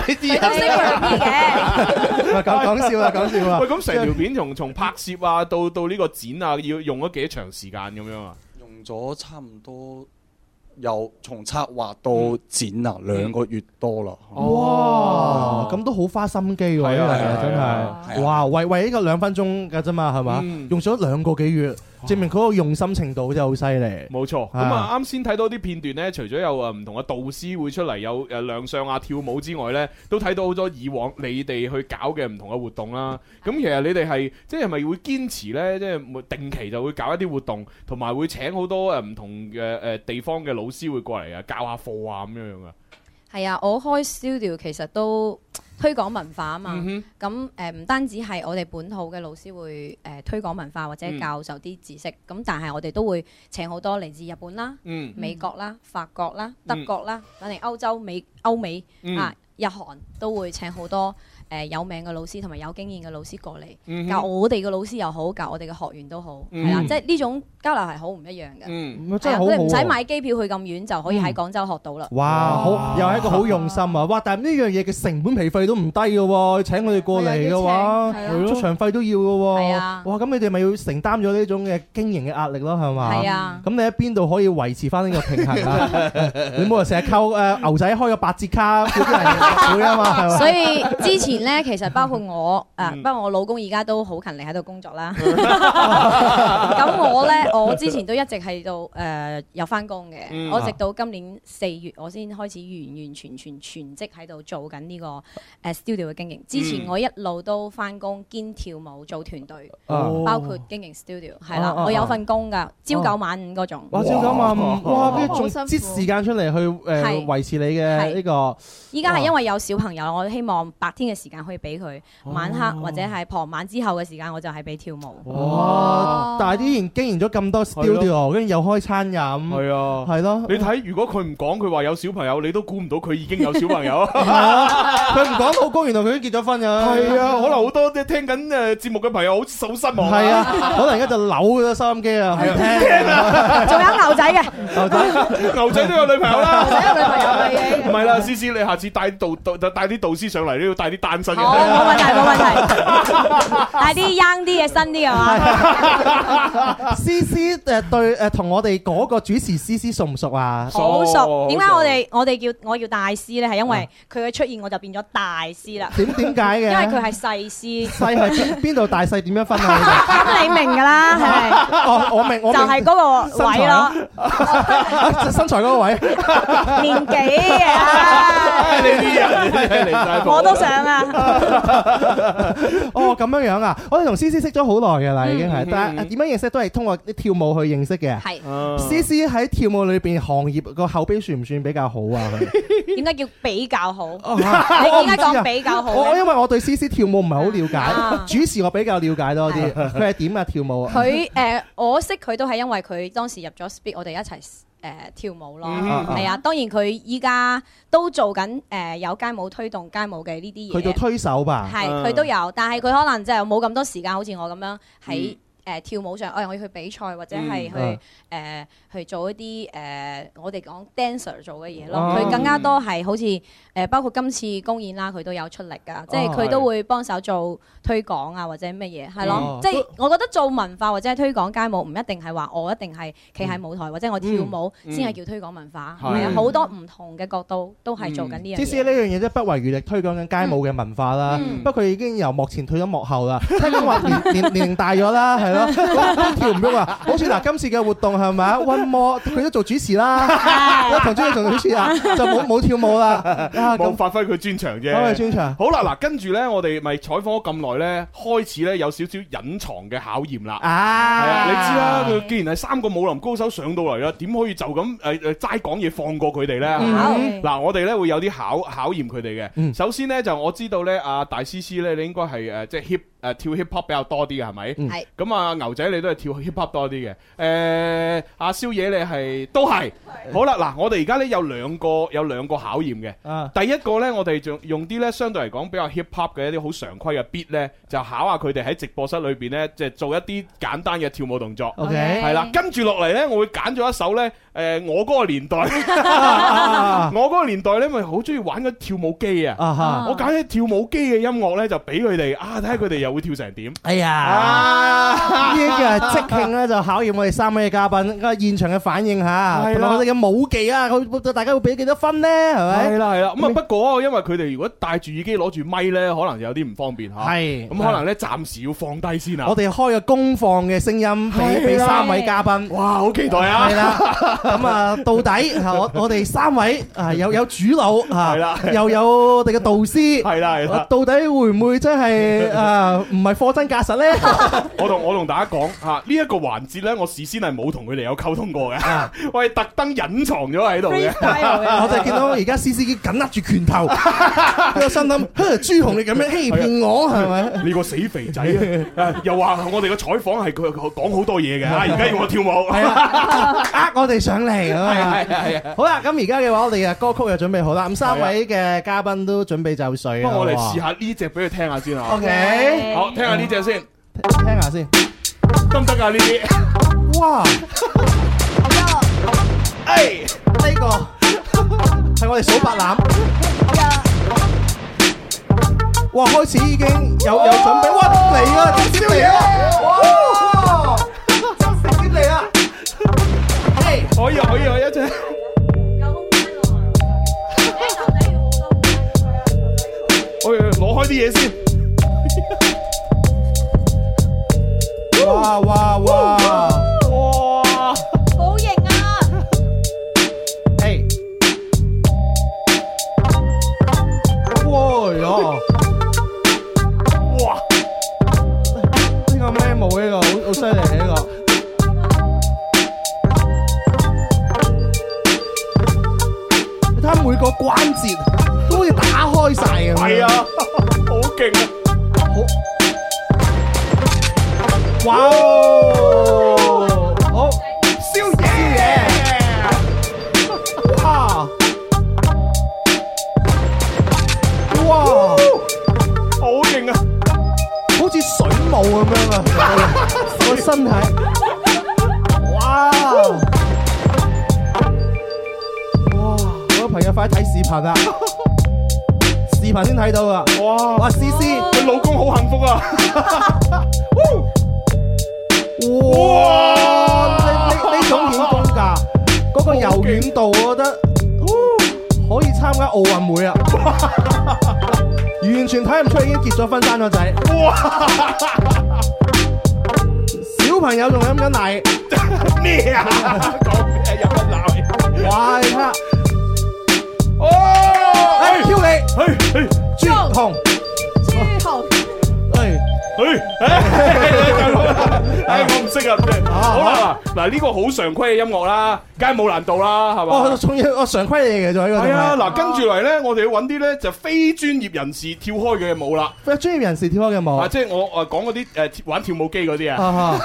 你啲人專業啲嘅，唔講笑啊，講笑啊。喂，咁成條片從從拍攝啊到到呢個剪啊，要用咗幾長時間咁樣啊？用咗差唔多。由從策劃到展覽啊，嗯、兩個月多啦。哦、哇！咁都好花心機喎，呢個其實真係的。啊、哇，為為呢個兩分鐘嘅啫嘛，係嘛？嗯、用咗兩個幾月。證明佢個用心程度真係好犀利，冇錯。咁啊，啱先睇到啲片段呢，除咗有誒唔同嘅導師會出嚟有誒、啊、亮相啊跳舞之外呢，都睇到好多以往你哋去搞嘅唔同嘅活動啦。咁、嗯、其實你哋係即係咪會堅持呢？即、就、係、是、定期就會搞一啲活動，同埋會請好多誒唔同嘅誒、呃、地方嘅老師會過嚟啊，教下課啊咁樣樣啊，係啊，我開 studio 其實都。推廣文化啊嘛，咁誒唔單止係我哋本土嘅老師會誒、呃、推廣文化或者教授啲知識，咁、嗯、但係我哋都會請好多嚟自日本啦、嗯、美國啦、法國啦、德國啦，反正、嗯、歐洲美歐美、嗯、啊、日韓都會請好多。誒有名嘅老師同埋有經驗嘅老師過嚟教我哋嘅老師又好教我哋嘅學員都好，係啦，即係呢種交流係好唔一樣嘅。即真係好好啊！唔使買機票去咁遠就可以喺廣州學到啦。哇，好又係一個好用心啊！哇，但係呢樣嘢嘅成本皮費都唔低嘅喎，請我哋過嚟嘅話，出場費都要嘅喎。係啊，哇，咁你哋咪要承擔咗呢種嘅經營嘅壓力咯，係嘛？係啊，咁你喺邊度可以維持翻呢個平衡啊？你冇話成日靠誒牛仔開個八折卡，會啊嘛？所以之前。咧其實包括我啊，包括我老公而家都好勤力喺度工作啦。咁我咧，我之前都一直喺度誒有翻工嘅。我直到今年四月，我先開始完完全全全職喺度做緊呢個誒 studio 嘅經營。之前我一路都翻工兼跳舞做團隊，包括經營 studio。係啦，我有份工㗎，朝九晚五嗰種。哇，朝九晚五，哇，呢啲時間出嚟去誒維持你嘅呢個，依家係因為有小朋友，我希望白天嘅時間可以俾佢晚黑或者係傍晚之後嘅時間，我就係俾跳舞。哇！但係啲人經營咗咁多 studio 跟住又開餐飲，係啊，係咯。你睇，如果佢唔講，佢話有小朋友，你都估唔到佢已經有小朋友。佢唔講老公，原來佢都結咗婚啊。係啊，可能好多即係聽緊節目嘅朋友好似失望啊。係啊，可能而家就扭咗收音機啊，係啊，聽啊。仲有牛仔嘅牛仔，牛仔都有女朋友啦。牛仔有女朋友係嘅。唔係啦，思思，你下次帶導帶帶啲導師上嚟，你要帶啲大。好，冇對呀 問題，冇問題，帶啲 young 啲嘅新啲嘅，啊，係嘛？ 思思誒，對誒，同我哋嗰個主持思思熟唔熟啊？好熟。點解我哋我哋叫我叫大師咧？係因為佢嘅出現，我就變咗大師啦。點點解嘅？因為佢係細師，細係邊度大細？點樣分啊？咁你明噶啦，係咪？我明，我就係嗰個位咯，身材嗰個位，年紀嘅，啊， 我都想啊。 哦，咁樣樣啊！我哋同 CiCi 識咗好耐噶啦，已經係，但係點樣認識都係通過啲跳舞去認識嘅。係是、啊、CiCi 喺跳舞裏邊行業個口碑算唔算比較好啊？點解叫比較好？ 你點解講比較好？我、 哦、因為我對 CiCi 跳舞唔係好了解，啊、 主持我比較了解多啲。佢係點啊？跳舞？佢誒、呃，我識佢都係因為佢當時入咗 Speed 我哋一齊。誒、呃、跳舞咯，係、嗯、啊！當然佢依家都做緊誒、呃、有街舞推動街舞嘅呢啲嘢。佢做推手吧？係是，佢、嗯、都有，但係佢可能就冇咁多時間，好似我咁樣喺。誒跳舞上，我要去比賽，或者係去誒去做一啲誒我哋講 dancer 做嘅嘢咯。佢更加多係好似誒包括今次公演啦，佢都有出力㗎，即係佢都會幫手做推廣啊，或者乜嘢係咯。即係我覺得做文化或者係推廣街舞，唔一定係話我一定係企喺舞台或者我跳舞先係叫推廣文化，係啊，好多唔同嘅角度都係做緊呢樣。即係呢樣嘢啫，不遺餘力推廣緊街舞嘅文化啦。不過佢已經由幕前退咗幕後啦。聽講話年年年齡大咗啦。係啦。 跳唔喐啊！好似嗱今次嘅活動係咪啊？one more 佢都做主持啦，我同朱茵做主持，主持啊，就冇冇跳舞啦，冇發揮佢專長啫。發揮專長。好啦，嗱跟住咧，我哋咪採訪咗咁耐咧，開始咧有少少隱藏嘅考驗啦。啊，你知啦，佢既然係三個武林高手上到嚟啦，點可以就咁誒誒齋講嘢放過佢哋咧？嗱，我哋咧會有啲考考驗佢哋嘅。首先咧就我知道咧，阿大 CiCi 咧，你應該係誒即係 h 誒，跳 hip hop 比較多啲嘅係咪？係咁啊，牛仔你都係跳 hip hop 多啲嘅。誒、呃，阿宵夜你係都係。好啦，嗱，我哋而家咧有兩個有兩個考驗嘅。啊、第一個咧，我哋就用啲咧相對嚟講比較 hip hop 嘅一啲好常規嘅 beat 咧，就考下佢哋喺直播室裏邊咧，即係做一啲簡單嘅跳舞動作。OK。係啦，跟住落嚟咧，我會揀咗一首咧，誒、呃，我嗰個年代，我嗰個年代咧咪好中意玩嗰跳舞機啊。啊我揀啲跳舞機嘅音樂咧，就俾佢哋啊，睇下佢哋又。會跳成點？哎呀，呢個即興咧就考驗我哋三位嘅嘉賓現場嘅反應吓，同埋我哋嘅舞技啊！佢大家會俾幾多分咧？係咪？係啦係啦。咁啊，不過因為佢哋如果戴住耳機攞住咪咧，可能有啲唔方便吓。係，咁可能咧暫時要放低先啊。我哋開個功放嘅聲音俾俾三位嘉賓。哇，好期待啊！係啦，咁啊，到底我我哋三位係有有主腦吓，又有我哋嘅導師，係啦係啦，到底會唔會真係啊？唔係貨真價實咧，我同我同大家講吓，呢一個環節咧，我事先係冇同佢哋有溝通過嘅，我係特登隱藏咗喺度，我就見到而家 CiCi 緊握住拳頭，我心諗，哼，豬紅你咁樣欺騙我係咪？你個死肥仔，又話我哋嘅採訪係佢講好多嘢嘅，而家要我跳舞，呃我哋上嚟咁啊，係好啦，咁而家嘅話，我哋嘅歌曲又準備好啦，咁三位嘅嘉賓都準備就緒，不如我哋試下呢隻俾佢聽下先啊，OK。好，聽下呢隻先，聽下先，得唔得啊呢啲？哇！哎，呢個係我哋數白欖。哇！開始已經有有準備屈你啦，呢啲嘢。哇！真直接嚟啊！可以可以可以一隻。可以攞開啲嘢先。哇哇哇哇！好型啊！哎，哇喲，哇，呢個咩舞嚟噶？好，好犀利呢個。你睇下每個關節都要打開晒啊！係啊，好勁啊！哇哦，好，宵夜，哇，哇，好型啊，好似水母咁樣啊，個身體，哇，哇，我朋友快睇視頻啊，視頻先睇到啊，哇，哇，CiCi 佢老公好幸福啊。哇！呢呢呢種點攻噶？嗰個柔軟度，我覺得，可以參加奧運會啊！完全睇唔出已經結咗婚生咗仔。哇！小朋友仲飲緊奶？咩啊？講咩飲緊奶？怪他！哦，嚟挑你，去去，中控，中控。誒誒，我唔識啊！好啦，嗱呢個好常規嘅音樂啦，梗係冇難度啦，係嘛？我做一個常規嘢嘅咗喺嗰度。係啊，嗱，跟住嚟咧，我哋要揾啲咧就非專業人士跳開嘅舞啦。非專業人士跳開嘅舞啊，即係我誒講嗰啲誒玩跳舞機嗰啲啊。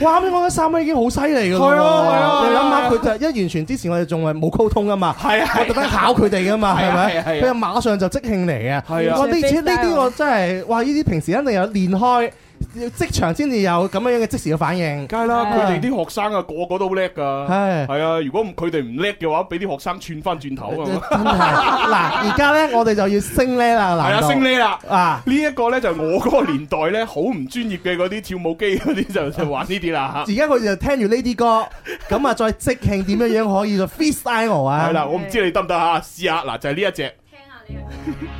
哇！啱先講緊三蚊已經好犀利㗎啦。係啊係啊，你諗下佢就一完全之前我哋仲係冇溝通㗎嘛？係啊，我特登考佢哋㗎嘛。係咪？係啊，佢就馬上就即興嚟嘅。係啊，哇！呢啲呢啲我真係哇！呢啲平時肯定有練開。要即場先至有咁樣樣嘅即時嘅反應，梗係啦。佢哋啲學生啊，個個都好叻噶，係係啊，啊。如果佢哋唔叻嘅話，俾啲學生串翻轉頭啊。嗱是，而家咧，我哋就要升叻啦。係啊，升叻啦啊！呢一個咧就我嗰個年代咧好唔專業嘅嗰啲跳舞機嗰啲就就玩呢啲啦。而家佢哋就聽住呢啲歌，咁啊再即興點樣樣可以就 freestyle 啊。係、啊、啦，我唔知你得唔得啊？試下嗱，就係呢一隻。聽下你。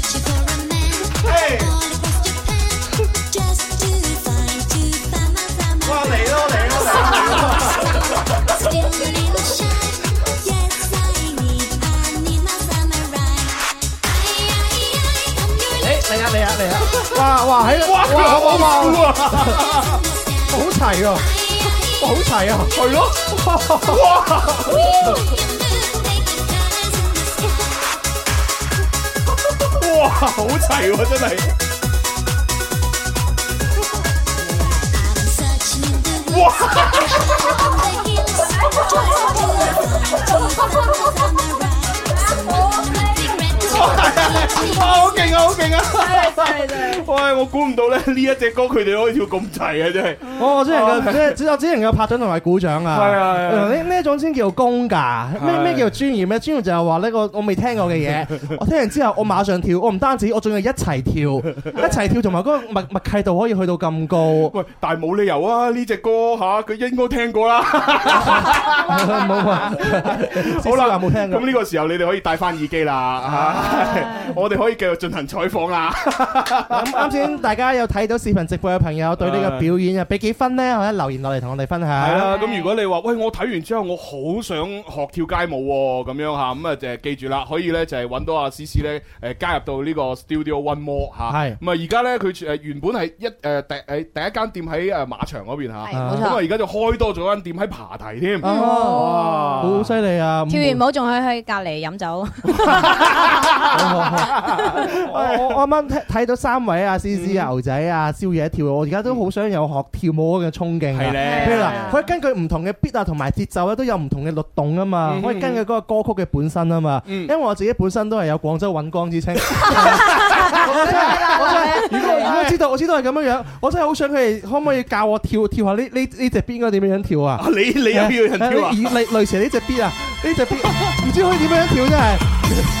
哇哇哇，哇哇哇，好齊喎，好齊啊，係咯，哇，哇好齊喎真係。哇！好勁啊，好勁啊！喂，我估唔到咧，呢一隻歌佢哋可以跳咁齊啊！真係。我只能夠只我只能夠拍掌同埋鼓掌啊。係啊，呢呢一種先叫做功架。咩咩叫專業，咩專業就係話呢，我我未聽過嘅嘢，我聽完之後我馬上跳，我唔單止，我仲要一齊跳，一齊跳，同埋嗰個默默契度可以去到咁高。喂，但係冇理由啊！呢隻歌吓，佢應該聽過啦。冇啊，好啦，嗱，冇聽過。咁呢個時候你哋可以戴翻耳機啦。我哋可以繼續進行採訪啦。咁啱先，大家有睇到視頻直播嘅朋友，對呢個表演啊，俾幾分呢？可以留言落嚟同我哋分享。係啦，咁如果你話，喂，我睇完之後，我好想學跳街舞咁樣吓，咁啊，就記住啦，可以咧，就係搵到阿 CiCi 咧，誒，加入到呢個 Studio One More 吓，係。咁啊，而家咧，佢誒原本係一誒第誒第一間店喺誒馬場嗰邊吓，冇錯。咁啊，而家就開多咗間店喺琶堤添。哦，好犀利啊！跳完舞仲可以去隔籬飲酒。 我啱啱睇睇到三位啊，CiCi 牛仔啊，宵夜跳，我而家都好想有學跳舞嗰個衝勁。係咧呢，佢根據唔同嘅 beat 啊，同埋節奏咧，都有唔同嘅律動啊嘛。可以根據嗰個歌曲嘅本身啊嘛。因為我自己本身都係有廣州揾光之稱。我真係，我真係，如果如果知道，我知道係咁樣樣，我真係好想佢哋可唔可以教我跳跳下呢呢呢隻 beat 應該點樣跳啊？啊你啊你又點樣跳啊？啊你類似呢隻 beat 啊？呢隻 beat 唔知可以點樣跳真係。啊啊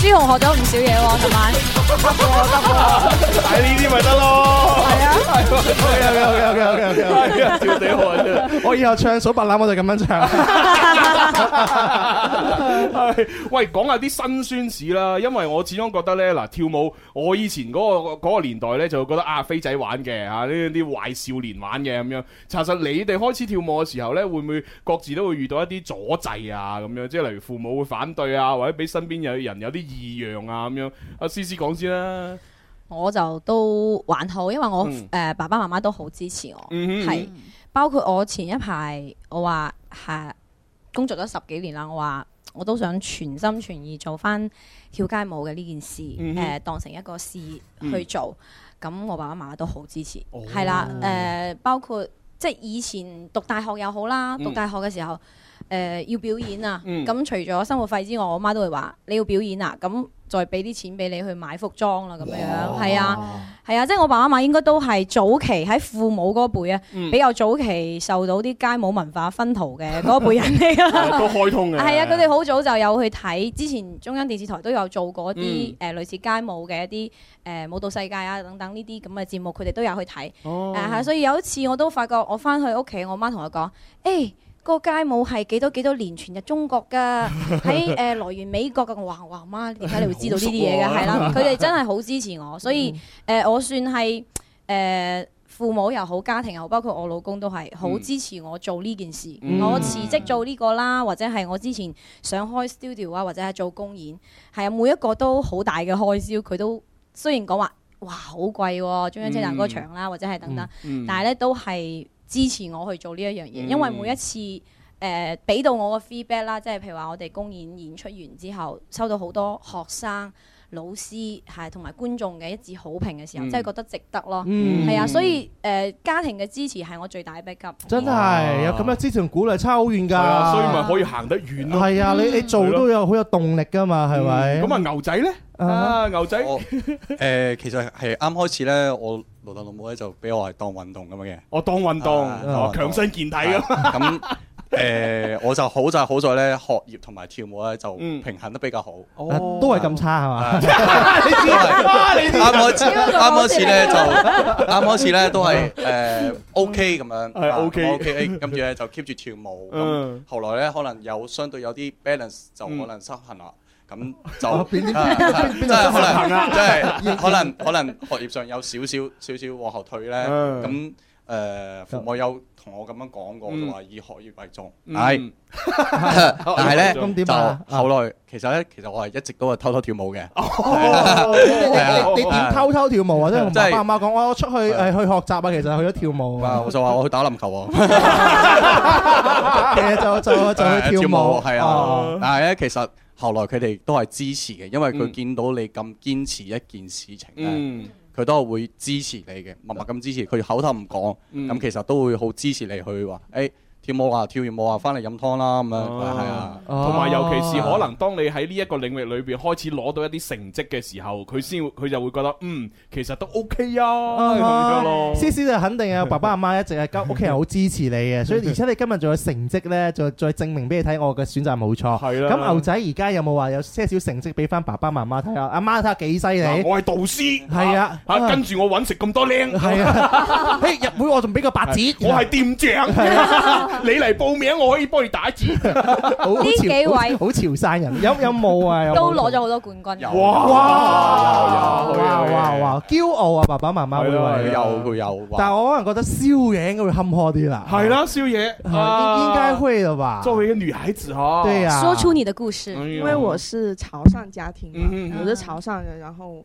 朱紅學咗唔少嘢喎、哦，係咪？喺呢啲咪得咯？係啊！好嘅， 我！以後唱數白欖我就咁樣唱。 喂，講下啲辛酸史啦，因為我始終覺得咧，嗱跳舞，我以前、嗰個、嗰個年代咧，就會覺得啊，飛仔玩嘅吓，呢啲壞少年玩嘅咁樣。查實你哋開始跳舞嘅時候咧，會唔會各自都會遇到一啲阻滯啊？咁樣，即係例如父母會反對啊，或者俾身邊有人有啲。異樣啊，咁樣，阿詩詩講先啦。我就都還好，因為我誒、嗯呃、爸爸媽媽都好支持我，係、嗯、哼包括我前一排我話係工作咗十幾年啦，我話我都想全心全意做翻跳街舞嘅呢件事，誒、嗯哼呃、當成一個事去做。咁、嗯、我爸爸媽媽都好支持，係、哦、啦，誒、呃、包括即係以前讀大學又好啦，讀大學嘅時候。嗯誒要表演啊！咁除咗生活費之外，我媽都會話：你要表演啊！咁再俾啲錢俾你去買服裝啦，咁樣樣係啊，係啊！即係我爸爸媽媽應該都係早期喺父母嗰輩啊，比較早期受到啲街舞文化薰陶嘅嗰輩人嚟。啊。都開通嘅。係啊！佢哋好早就有去睇，之前中央電視台都有做過啲誒類似街舞嘅一啲誒舞蹈世界啊等等呢啲咁嘅節目，佢哋都有去睇。哦。所以有一次我都發覺我翻去屋企，我媽同我講：誒。個街舞係幾多幾多年傳入中國噶？喺誒、 呃、來源美國嘅，哇哇媽，點解你會知道呢啲嘢嘅？係 悉、啊、啦，佢哋 真係好支持我，所以誒、嗯呃、我算係誒、呃、父母又好，家庭又好，包括我老公都係好支持我做呢件事。嗯、我辭職做呢個啦，或者係我之前想開 studio 啊，或者係做公演，係啊，每一個都好大嘅開銷，佢都雖然講話哇好貴喎，中央車站歌場啦，或者係等等，但係咧都係，支持我去做呢一樣嘢，因為每一次誒俾、呃、到我個 feedback 啦，即係譬如話我哋公演演出完之後，收到好多學生、老師係同埋觀眾嘅一致好評嘅時候，真係、嗯、覺得值得咯，係、嗯、啊，所以誒、呃、家庭嘅支持係我最大嘅 back up。真係咁樣支持鼓勵差、啊，差好遠㗎。所以咪可以行得遠咯、啊。係啊，你你做都有好有動力㗎嘛，係咪？咁啊、嗯，牛仔咧？啊！牛仔，誒，其實係啱開始咧，我老豆老母咧就俾我係當運動咁樣嘅。我當運動，強身健體咁。咁誒，我就好就好在咧學業同埋跳舞咧就平衡得比較好。哦，都係咁差係嘛？你知啱開始，啱開始咧就啱開始咧都係誒 OK 咁樣，OK OK A，跟住咧就 keep 住跳舞。咁後來咧可能有相對有啲 balance 就可能失衡啦。咁就即係可能，即係可能，可能學業上有少少少少往後退咧。咁誒，父母有同我咁樣講過，話以學業為重。係，但係咧咁點後來，其實咧，其實我係一直都係偷偷跳舞嘅。你點偷偷跳舞啊？即係同媽媽講，我出去誒去學習啊！其實係去咗跳舞。我就話我去打籃球喎。其實就就就去跳舞係啊！但係咧，其實。後來佢哋都係支持嘅，因為佢見到你咁堅持一件事情咧，佢、嗯、都係會支持你嘅，默默咁支持。佢口頭唔講，咁、嗯、其實都會好支持你去話，誒。跳舞啊，跳完舞啊，翻嚟飲湯啦咁樣，係啊，同埋尤其是可能當你喺呢一個領域裏邊開始攞到一啲成績嘅時候，佢先會佢就會覺得嗯，其實都 OK 啊咁樣咯。CiCi 就肯定啊，爸爸阿媽一直係家屋企人好支持你嘅，所以而且你今日仲有成績咧，再再證明俾你睇，我嘅選擇冇錯。係啦。咁牛仔而家有冇話有些少成績俾翻爸爸媽媽睇下？阿媽睇下幾犀利？我係導師，係啊，嚇跟住我揾食咁多靚，係啊，嘿入會我仲俾個白紙，我係店長。你嚟報名，我可以幫你打字。呢幾位好潮汕人，有有冇啊？都攞咗好多冠軍。有哇哇哇哇，驕傲啊爸爸媽媽。係有！係，有！佢又。但係我可能覺得宵夜應該會坎坷啲啦。係啦宵夜，應應該會了吧？作為一個女孩子哦，對啊，說出你的故事，因為我是潮汕家庭，我是潮汕人，然後。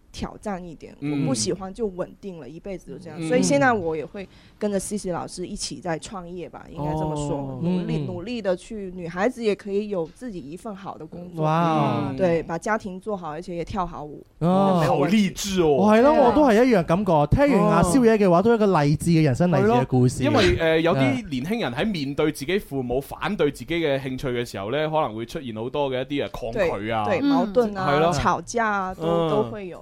挑戰一點，我不喜歡就穩定了一輩子都這樣，所以現在我也會跟着 CiCi 老師一起在創業吧，應該這麼說，努力努力的去，女孩子也可以有自己一份好的工作。哇，對，把家庭做好，而且也跳好舞。啊，好勵志哦！係咯，我都係一樣感覺，聽完阿宵夜嘅話，都係一個勵志嘅人生勵志嘅故事。因為誒，有啲年輕人喺面對自己父母反對自己嘅興趣嘅時候呢，可能會出現好多嘅一啲啊抗拒啊，對矛盾啊，吵架啊，都都會有。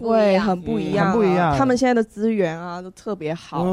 會很不一樣，不一樣。他們現在的資源啊都特別好。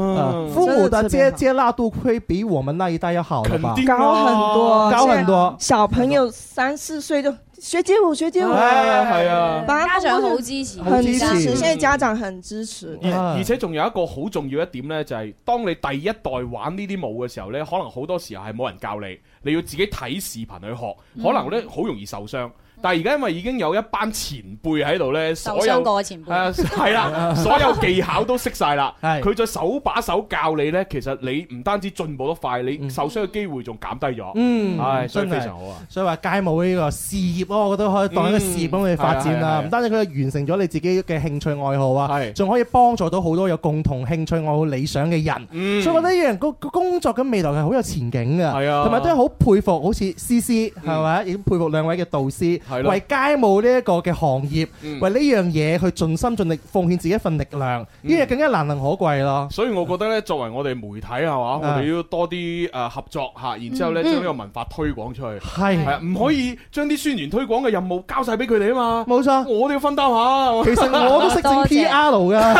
父母的接接納度會比我們那一代要好，肯定高很多，高很多。小朋友三四歲就學街舞，學街舞，大家長好支持，支持。現在家長很支持。而且仲有一個好重要一點呢，就係當你第一代玩呢啲舞嘅時候呢，可能好多時候係冇人教你，你要自己睇視頻去學，可能咧好容易受傷。但係而家，因為已經有一班前輩喺度咧，所有受傷過嘅前輩係啦， 所有技巧都識晒啦。佢再手把手教你咧，其實你唔單止進步得快，你受傷嘅機會仲減低咗。嗯、mm，係，所以非常好啊。所以話街舞呢個事業，我覺得可以當一個事業幫你發展啦。唔、mm, 單止佢完成咗你自己嘅興趣愛好啊，仲的可以幫助到好多有共同興趣愛好、理想嘅人。Mm, 所以我覺得呢樣工工作嘅未來係好有前景嘅。係啊的，同埋都係好佩服，好似 CiCi 係咪？亦都佩服兩位嘅導師。為街舞呢一個嘅行業，為呢樣嘢去盡心盡力奉獻自己一份力量，呢個更加難能可貴咯。所以我覺得咧，作為我哋媒體係嘛，我哋要多啲誒合作吓，然之後咧將呢個文化推廣出去。係係啊，唔可以將啲宣傳推廣嘅任務交晒俾佢哋啊嘛。冇錯，我都要分擔下。其實我都識整 P R 噶，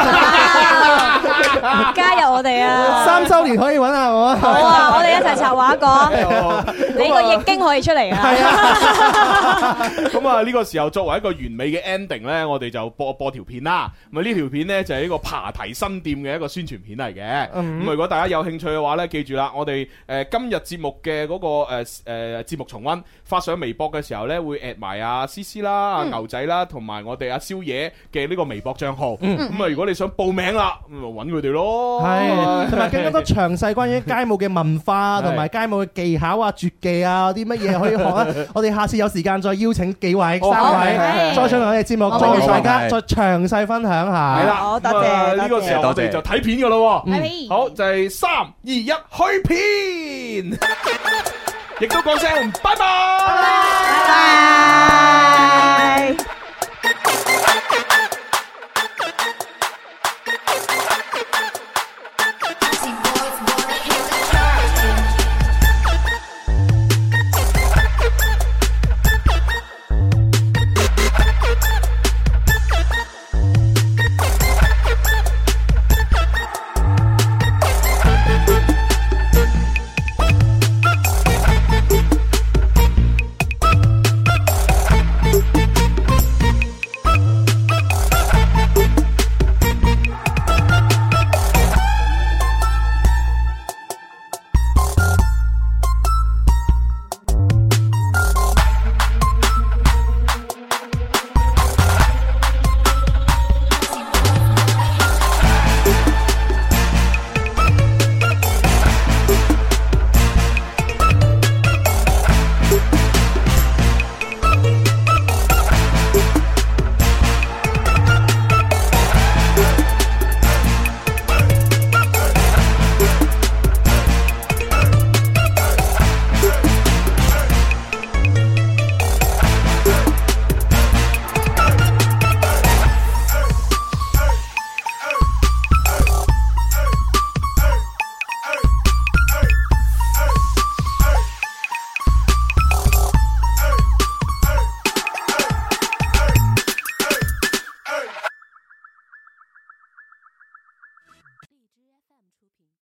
加入我哋啊！三周年可以搵下我啊！好啊，我哋一齊策劃過。你個易經可以出嚟啊！咁啊呢個時候作為一個完美嘅 ending 咧，我哋就播播條片啦。咁呢條片呢，就係一個爬梯新店嘅一個宣傳片嚟嘅。咁、嗯、如果大家有興趣嘅話呢、那個，記住啦，我哋誒今日節目嘅嗰個誒誒節目重溫發上微博嘅時候呢，會 at 埋阿 CiCi 啦、嗯啊、牛仔啦，同埋我哋阿、啊、宵夜嘅呢個微博賬號。咁啊、嗯，嗯、如果你想報名啦，咪搵佢哋咯、嗯。係、嗯，同埋更加多詳細關於街舞嘅文化同埋、嗯嗯、街舞嘅技巧啊、絕技啊啲乜嘢可以學咧，我哋下次有時間再邀請。幾位三位，再上我哋節目，再大家再詳細分享下。係啦，多謝，呢個時候我哋就睇片噶啦。好，就係三二一去片，亦都講聲拜拜。